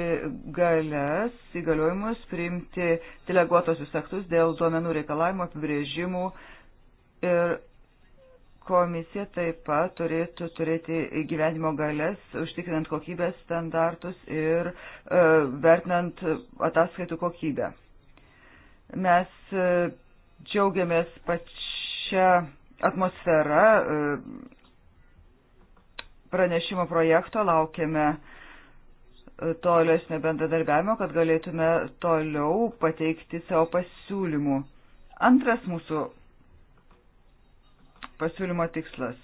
B: galės, įgaliojimus priimti deleguotosius aktus dėl duomenų reikalavimo apibrėžimų ir komisija taip pat turėtų turėti gyvenimo galės, užtikrinant kokybės standartus ir e, vertinant ataskaitų kokybę. Mes e, džiaugiamės pačią atmosferą. E, pranešimo projekto, laukiame e, tolesnio bendradarbiavimo, kad galėtume toliau pateikti savo pasiūlymų. Antras mūsų pasiūlymo tikslas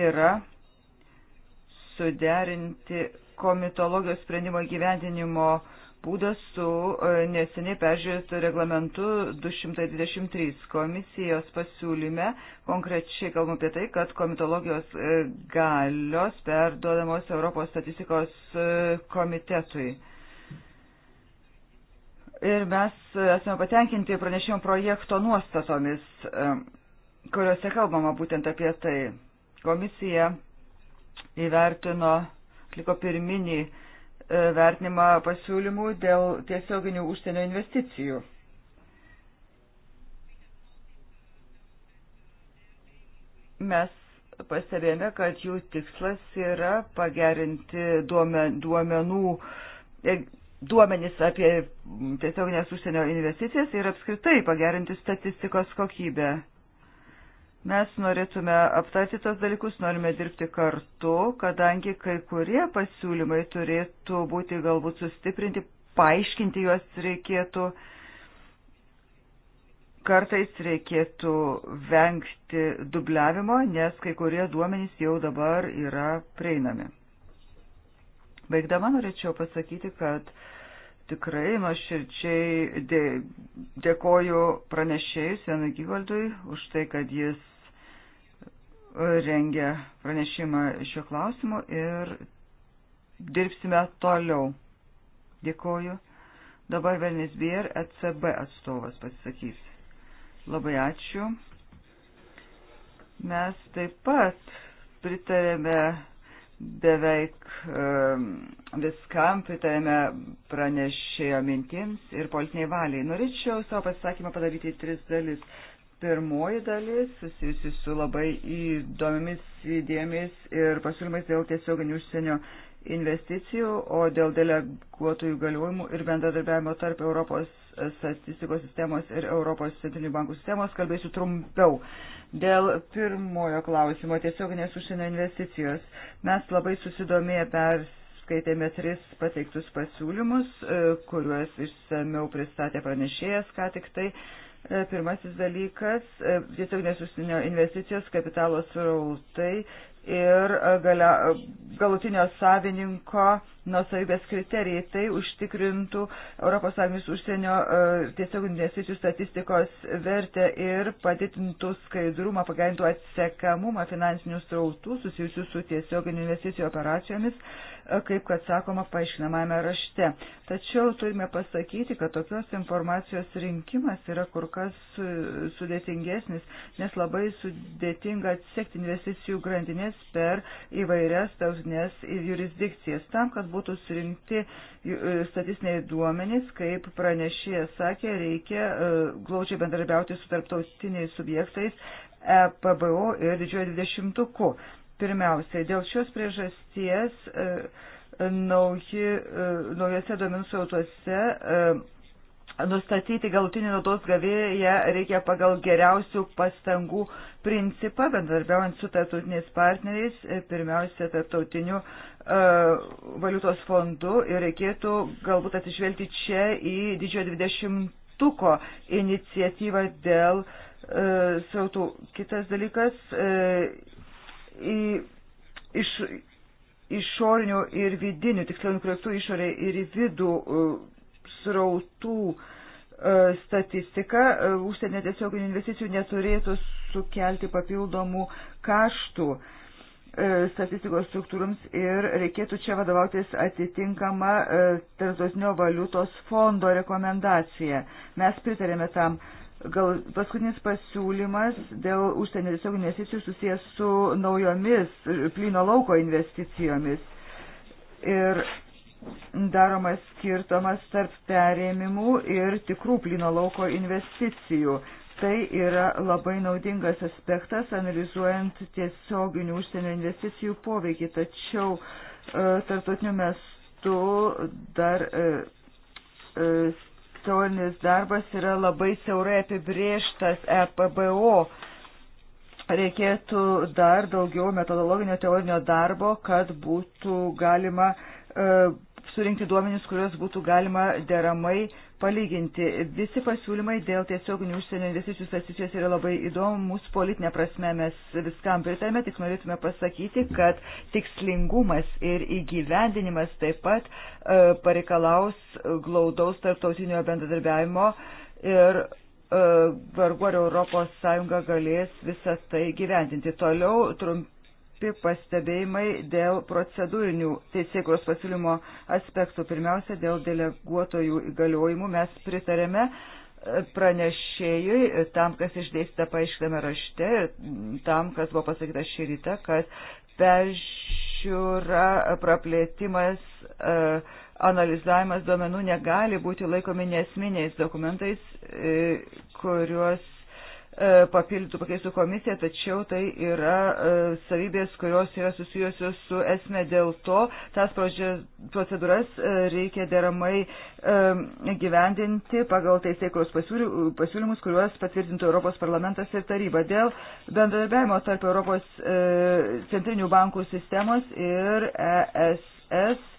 B: yra suderinti komitologijos sprendimo gyvendinimo uh, būdą su e, neseniai peržiūrėtų reglamentu 223 komisijos pasiūlyme. Konkrečiai kalbam apie tai, kad komitologijos e, galios perduodamos Europos statistikos e, komitetui. Ir mes esame patenkinti pranešimo projekto nuostatomis, kuriuose kalbama būtent apie tai. Komisija įvertino, atliko pirminį uh, E, vertinimą pasiūlymų dėl tiesioginių užsienio investicijų. Mes pastebėjome, kad jų tikslas yra pagerinti duomenų, e, duomenys apie tiesioginės užsienio investicijas ir apskritai pagerinti statistikos kokybę. Mes norėtume aptarti tos dalykus, norime dirbti kartu, kadangi kai kurie pasiūlymai turėtų būti galbūt sustiprinti, paaiškinti juos reikėtų. Kartais reikėtų vengti dubliavimo, nes kai kurie duomenys jau dabar yra prieinami. Baigdama norėčiau pasakyti, kad tikrai nuoširdžiai dė, dėkoju pranešėjus Janui Gyvaldui už tai, kad jis rengia pranešimą šiuo klausimu ir dirbsime toliau. Dėkoju. Dabar Velnis Bier, ECB atstovas pasisakys. Labai ačiū. Mes taip pat pritarėme beveik viskam, pritarėme pranešėjo mintims ir politiniai valiai. Norėčiau savo pasisakymą padaryti į tris dalis. Pirmoji dalis susijusi su labai įdomiamis idėjomis ir pasiūlymais dėl tiesioginių užsienio investicijų, o dėl deleguotojų galiojimų ir bendradarbiavimo tarp Europos statistikos sistemos ir Europos centrinių bankų sistemos kalbėsiu trumpiau. Dėl pirmojo klausimo tiesioginės užsienio investicijos mes labai susidomėję perskaitėme tris pateiktus pasiūlymus, e, kuriuos išsameu pristatė pranešėjas ką tik tai. E, pirmasis dalykas e, - tiesioginės užsienio investicijos, kapitalo srautai ir e, galia, galutinio savininko nusavybės kriterijai. Tai užtikrintų ES užsienio tiesioginių investicijų statistikos vertę ir padidintų skaidrumą, pagerintų atsekamumą finansinių srautų susijusių su tiesioginių investicijų operacijomis kaip kad sakoma paaiškinamame rašte. Tačiau turime pasakyti, kad tokios informacijos rinkimas yra kur kas e, sudėtingesnis, nes labai sudėtinga atsekti investicijų grandinės per įvairias tautinės jurisdikcijas. Tam, kad būtų surinkti e, statistiniai duomenys, kaip pranešėjas sakė, reikia e, glaučiai bendradarbiauti su tarptautiniais subjektais EPBO ir didžiojo dvidešimtuku. Pirmiausiai, dėl šios priežasties e, e, nauji, e, naujose duomenų sautuose nustatyti galutinį naudos gavėją reikia pagal geriausių pastangų principą, bendarbiaujant su tarptautiniais partneriais, pirmiausia, tarptautiniu uh, valiutos fondu ir reikėtų galbūt atsižvelgti čia į didžiojo dvidešimtuko iniciatyvą dėl uh, sautų. Kitas dalykas. Uh, iš, išorinių ir vidinių, tiksliau nukreiptų išorę ir į vidų e, srautų e, statistika e, užsienio tiesioginių investicijų neturėtų sukelti papildomų kaštų statistikos struktūrums ir reikėtų čia vadovautis atitinkama tarptautinio valiutos fondo rekomendacija. Mes pritarėme tam Gal paskutinis pasiūlymas dėl užsienio tiesiog investicijų susijęs su naujomis plyno lauko investicijomis. Ir daromas skirtumas tarp perėmimų ir tikrų plyno lauko investicijų. Tai yra labai naudingas aspektas, analizuojant tiesioginių užsienio investicijų poveikį, tačiau e, tartotiniu mestu dar e, e, elektroninis darbas yra labai siaurai apibrieštas EPBO. Reikėtų dar daugiau metodologinio teorinio darbo, kad būtų galima uh, surinkti duomenis, kuriuos būtų galima deramai palyginti. Visi pasiūlymai dėl tiesioginių užsienio investicijų statistikos yra labai įdomus politinė prasme, mes viskam pritarėme, tik norėtume pasakyti, kad tikslingumas ir įgyvendinimas taip pat e, pareikalaus glaudaus tarptautinio bendradarbiavimo ir e, vargu ar Europos Sąjunga galės visą tai gyvendinti. Toliau trump trumpi pastebėjimai dėl procedūrinių teisėkos pasiūlymo aspektų. Pirmiausia, dėl deleguotojų įgaliojimų mes pritarėme e, pranešėjui e, tam, kas išdėstyta paaiškiname rašte ir e, tam, kas buvo pasakyta šį rytą, kad peržiūra, praplėtimas, analizavimas duomenų negali būti laikomi nesminiais dokumentais, kuriuos E, papildytų, pakeistų komisiją, tačiau tai yra e, savybės, kurios yra susijusios su esme dėl to, tas procedūras e, reikia deramai gyvendinti pagal teisėkos pasiūlymus, kuriuos patvirtintų Europos parlamentas ir taryba. Dėl bendradarbiavimo tarp Europos centrinių bankų sistemos ir ESS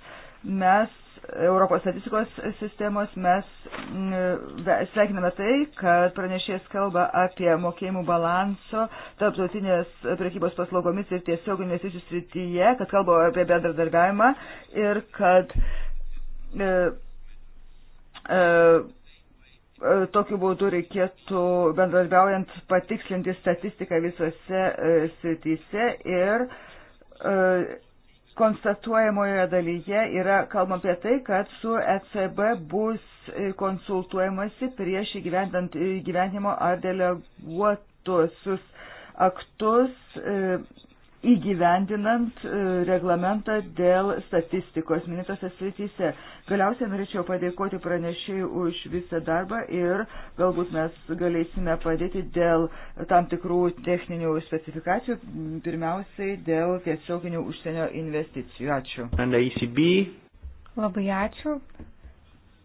B: mes Europos statistikos sistemos mes sveikiname tai, kad pranešėjas kalba apie mokėjimų balanso tarptautinės prekybos paslaugomis ir tiesiog investicijų srityje, kad kalba apie bendradarbiavimą ir kad e, e, e Tokiu būdu reikėtų bendradarbiaujant patikslinti statistiką visose e, srityse ir e, konstatuojamojoje dalyje yra kalbam apie tai, kad su ECB bus konsultuojamasi prieš įgyvendant įgyvendimo ar deleguotusius aktus e, įgyvendinant e, reglamentą dėl statistikos minėtose srityse. Galiausiai norėčiau padėkoti pranešėjai už visą darbą ir galbūt mes galėsime padėti dėl tam tikrų techninių specifikacijų, pirmiausiai dėl tiesioginių užsienio investicijų. Ačiū.
A: E Labai ačiū.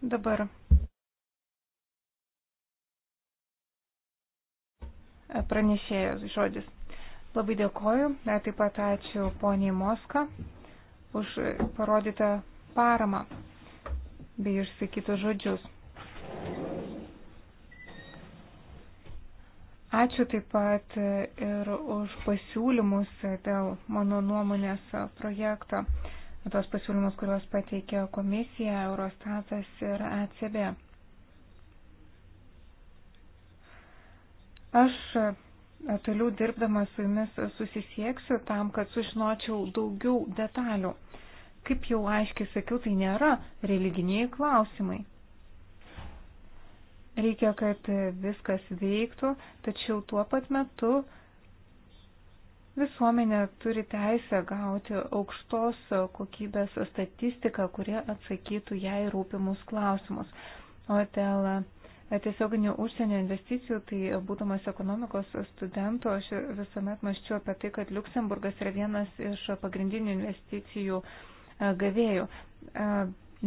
A: Dabar pranešėjas žodis. Labai dėkoju. Taip pat ačiū poniai Moska už parodytą paramą bei išsakytus žodžius. Ačiū taip pat ir už pasiūlymus dėl mano nuomonės projekto, tos pasiūlymus, kuriuos pateikė komisija, Eurostatas ir ECB. Aš toliau dirbdamas su jumis susisieksiu tam, kad sužinočiau daugiau detalių. Kaip jau aiškiai sakiau, tai nėra religiniai klausimai. Reikia, kad viskas veiktų, tačiau tuo pat metu visuomenė turi teisę gauti aukštos kokybės statistiką, kurie atsakytų jai rūpimus klausimus. O dėl tiesioginių užsienio investicijų, tai būdamas ekonomikos studentu, aš visuomet maščiau apie tai, kad Luksemburgas yra vienas iš pagrindinių investicijų e, gavėjų. E,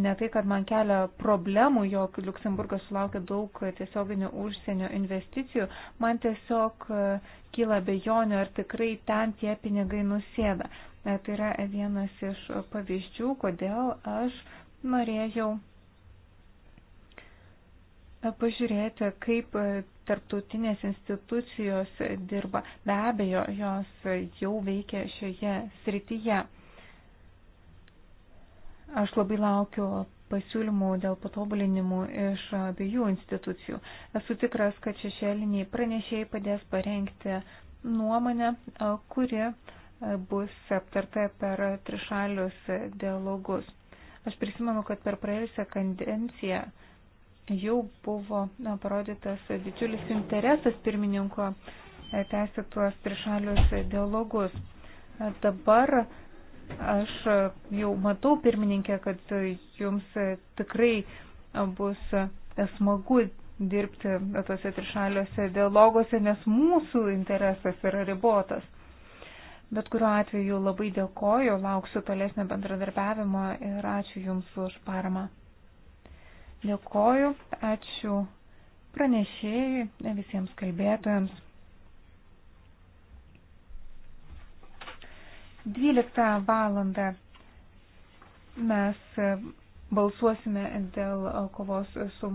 A: ne tai, kad man kelia problemų, jog Luksemburgas sulaukia daug tiesioginių užsienio investicijų, man tiesiog e, kyla bejonių, ar tikrai ten tie pinigai nusėda. Tai yra vienas iš pavyzdžių, kodėl aš norėjau pažiūrėti, kaip e, tarptautinės institucijos dirba. Be abejo, jos jau veikia šioje srityje. Aš labai laukiu pasiūlymų dėl patobulinimų iš abiejų institucijų. Esu tikras, kad šešėliniai pranešėjai padės parengti nuomonę, e, kuri e, bus aptarta per trišalius dialogus. Aš prisimenu, kad per praėjusią kadenciją jau buvo na, parodytas didžiulis interesas pirmininko e, tęsti tuos trišalius dialogus. Dabar aš jau matau pirmininkė, kad jums tikrai bus smagu dirbti tuose trišaliuose dialoguose, nes mūsų interesas yra ribotas. Bet kuriuo atveju labai dėkoju, lauksiu tolesnio bendradarbiavimo ir ačiū Jums už paramą. Dėkoju, ačiū pranešėjai, visiems kalbėtojams. 12 valandą mes balsuosime dėl kovos su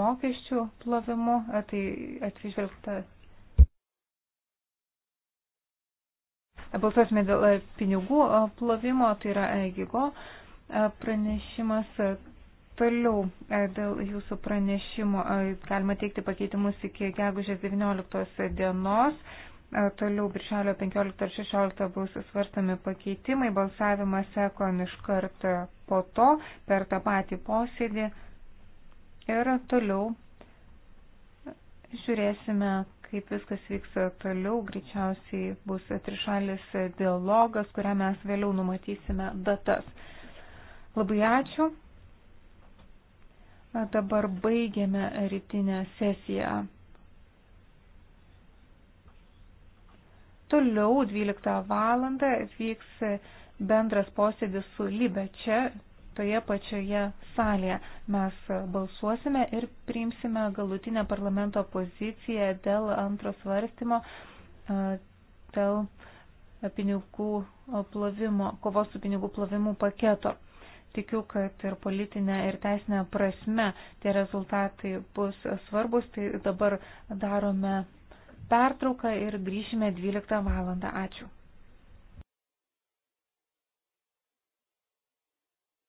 A: mokesčių plovimu, tai atsižvelgta. Balsuosime dėl pinigų plovimo, tai yra EGIGO pranešimas, Toliau e, dėl jūsų pranešimo e, galima teikti pakeitimus iki gegužės 19 dienos. E, toliau birželio 15 ir 16 bus svarstami pakeitimai, balsavimas sekom iš karto po to per tą patį posėdį. Ir toliau žiūrėsime, kaip viskas vyks toliau. Greičiausiai bus trišalis dialogas, kuriam mes vėliau numatysime datas. Labai ačiū. Dabar baigiame rytinę sesiją. Toliau 12 val. vyks bendras posėdis su Libe čia, toje pačioje salėje. Mes balsuosime ir priimsime galutinę parlamento poziciją dėl antro svarstymo, dėl pinigų plovimo, kovos su pinigų plovimu paketo. Tikiu, kad ir politinė, ir teisinė prasme tie rezultatai bus svarbus. Tai dabar darome pertrauką ir grįšime 12 valandą. Ačiū.